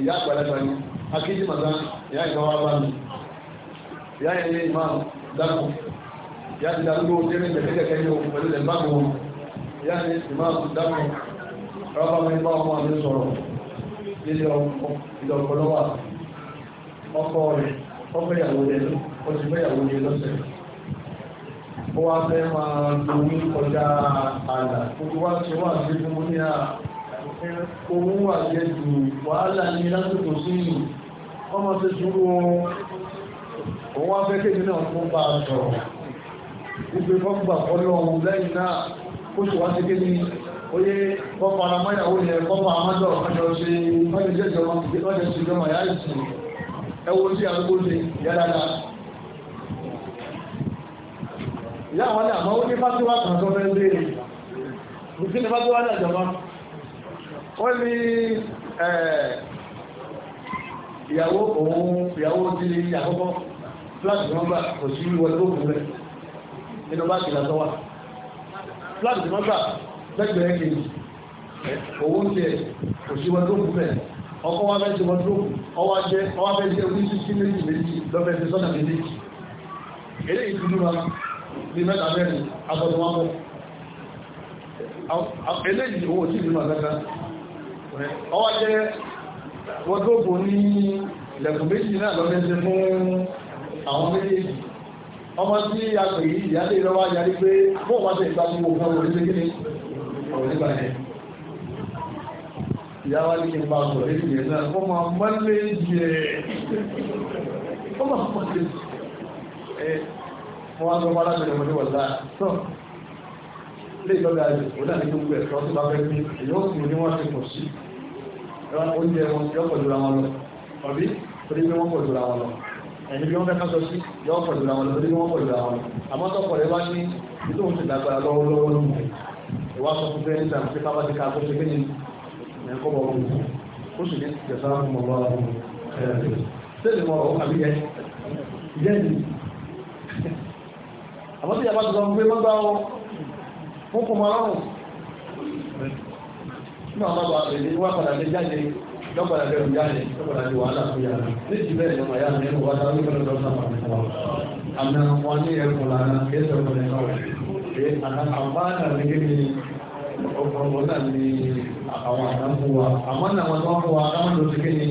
ìyá àgbàlagbà ni akéjì màdá ìyá ìgbà wa bá mi ìyá yẹn ní ìmá ìyá ti darúgbó ní ẹni ní òkú pẹ̀lú ẹ̀bá wọn ìyá ní ìmá dákun rọ́bà mi bá ọmọ mi sọ̀rọ̀ nílé ìdọ̀kọ̀ lọ́wọ́ ọkọ rẹ̀ ọfẹ́ rẹ̀ ó ti rẹ̀ lọ́sẹ̀ ó wá fẹ́ máa dorí kọjá àlà gbogbo wá ti wá sí fún ní à òun wà jẹ́ ju wàhálà ní lásìkò sí ìlú ọmọ ṣe ṣúrú òun wá fẹ́ kéde náà fún bá a sọ̀rọ̀ wípé kọ́ gbà kọ́ lọ́wọ́ lẹ́yìn náà kó sì wá sí kéde oyé kọ́ para mọ́yàwó yẹn kọ́ para mọ́jọ́ ọ̀kanjọ́ ṣe lọ́dẹ̀ jẹ́ ìjọba lọ́dẹ̀ sí ìjọba yá ìsìn ẹwọ́ sí àdúgbò ṣe yádára. ìyá àwọn àmọ́ ó ní fásitì kan tó fẹ́ léèrè kí ni fásitì wá ní àjọba ó ní ìyàwó òun ìyàwó ti lè àkọ́kọ́ fúláàtì wọn gbà kò sí wíwọ tó kù rẹ̀ nínú bá kìlà sọ́wà fúláàtì wọn gbà lẹ́gbẹ̀ẹ́ kejì òun tiẹ̀ kò sí wọ́n tó kù rẹ̀ ọkọ wa fẹ́ ṣe wọ́n tó kù ọwọ́ jẹ́ ọwọ́ fẹ́ ṣe wí sí sí méjì méjì lọ́fẹ́ ṣe sọ́nà méjì eléyìí ti dúró ní mẹ́ta mẹ́rin agbọ́dọ̀ wọn bọ̀ eléyìí owó tí ìlú màgàgà ọwọ́ jẹ́ wọ́dọ́bù ní ilẹ̀kùn méjì náà lọ́dẹ́ ti fún àwọn méjèèjì ọmọ tí a pè yí ìyáde lọ́wọ́ yarí pé bó wá sí ìgbà gbogbo fún orí kékeré ọ̀rọ̀ nípa ẹ̀ ìyá wa ní kí n bá sọ̀rọ̀ lẹ́sìn yẹn náà wọ́n máa mọ́lé jẹ́ wọ́n máa mọ́lé ẹ̀ wọ́n wá sọ wọ́n alábẹ̀rẹ̀ wọlé wọ̀lá tó lè lọ́dà àjò òun náà ní gbogbo ẹ̀kọ́ tó bá fẹ́ bí èyí ó sì ní wọ́n oúnjẹ wọn yọ pọ̀ jùlọ wọn lọ ọ̀bí torí bí wọ́n pọ̀ jùlọ wọn lọ ẹni bí wọ́n fẹ́ kásọ sí yọ pọ̀ jùlọ wọn lọ torí bí wọ́n pọ̀ jùlọ wọn lọ àmọ́ tọ́pọ̀ rẹ wá ní títí òun ti dàgbà lọ́wọ́ lọ́wọ́ ló mú ìwà sọ fún bẹ́ẹ̀ níta pé pápá ti ká tó ṣe kéde ẹ̀kọ́ bọ̀ wọn ó sì ní ìjọsán fún ọgbà wọn sẹ́lẹ̀ mọ̀ ọ́ àbí ẹ̀ yẹ́ ni àmọ́ tí yàrá ti sọ fún pé wọ́n nínú àwọn àbá àbẹ̀lẹ̀ wá padà lé jáde lọ́padà lẹ́rù jáde lọ́padà lè wàhálà fún yàrá ní ti bẹ́ẹ̀ lọ́mọ yàrá nínú wá sáré lọ́dọ̀ lọ́sà àmì wọn ní ẹkùn lára kéèsọ̀ ọ̀rọ̀ ẹ̀kọ́ rẹ̀ àbáàdà ní kéèké ọ̀pọ̀lọpọ̀ náà ní àwọn àdámú wa àmọ́ náà wọn tó wọ́n fún wa káwọn ló ti kéèké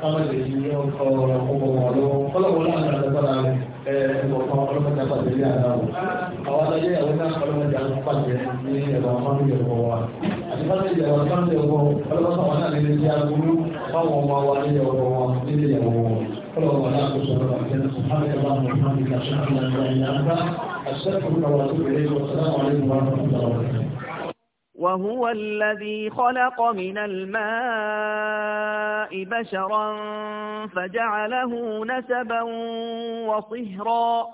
káwọn lè fi ọkọ̀ ọ̀pọ̀ wọn lọ́wọ́ kọ́lọ́wọ́ láàrín àdágbára rẹ̀ ẹ̀ẹ́dọ̀kan ọlọ́mọdé àpàdé ní àdáwò àwọn adájẹ́ ìyàwó náà ọlọ́mọdé àpàdé ní ẹ̀rọ وهو الذي خلق من الماء بشرا فجعله نسبا وصهرا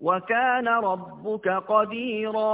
وكان ربك قديرا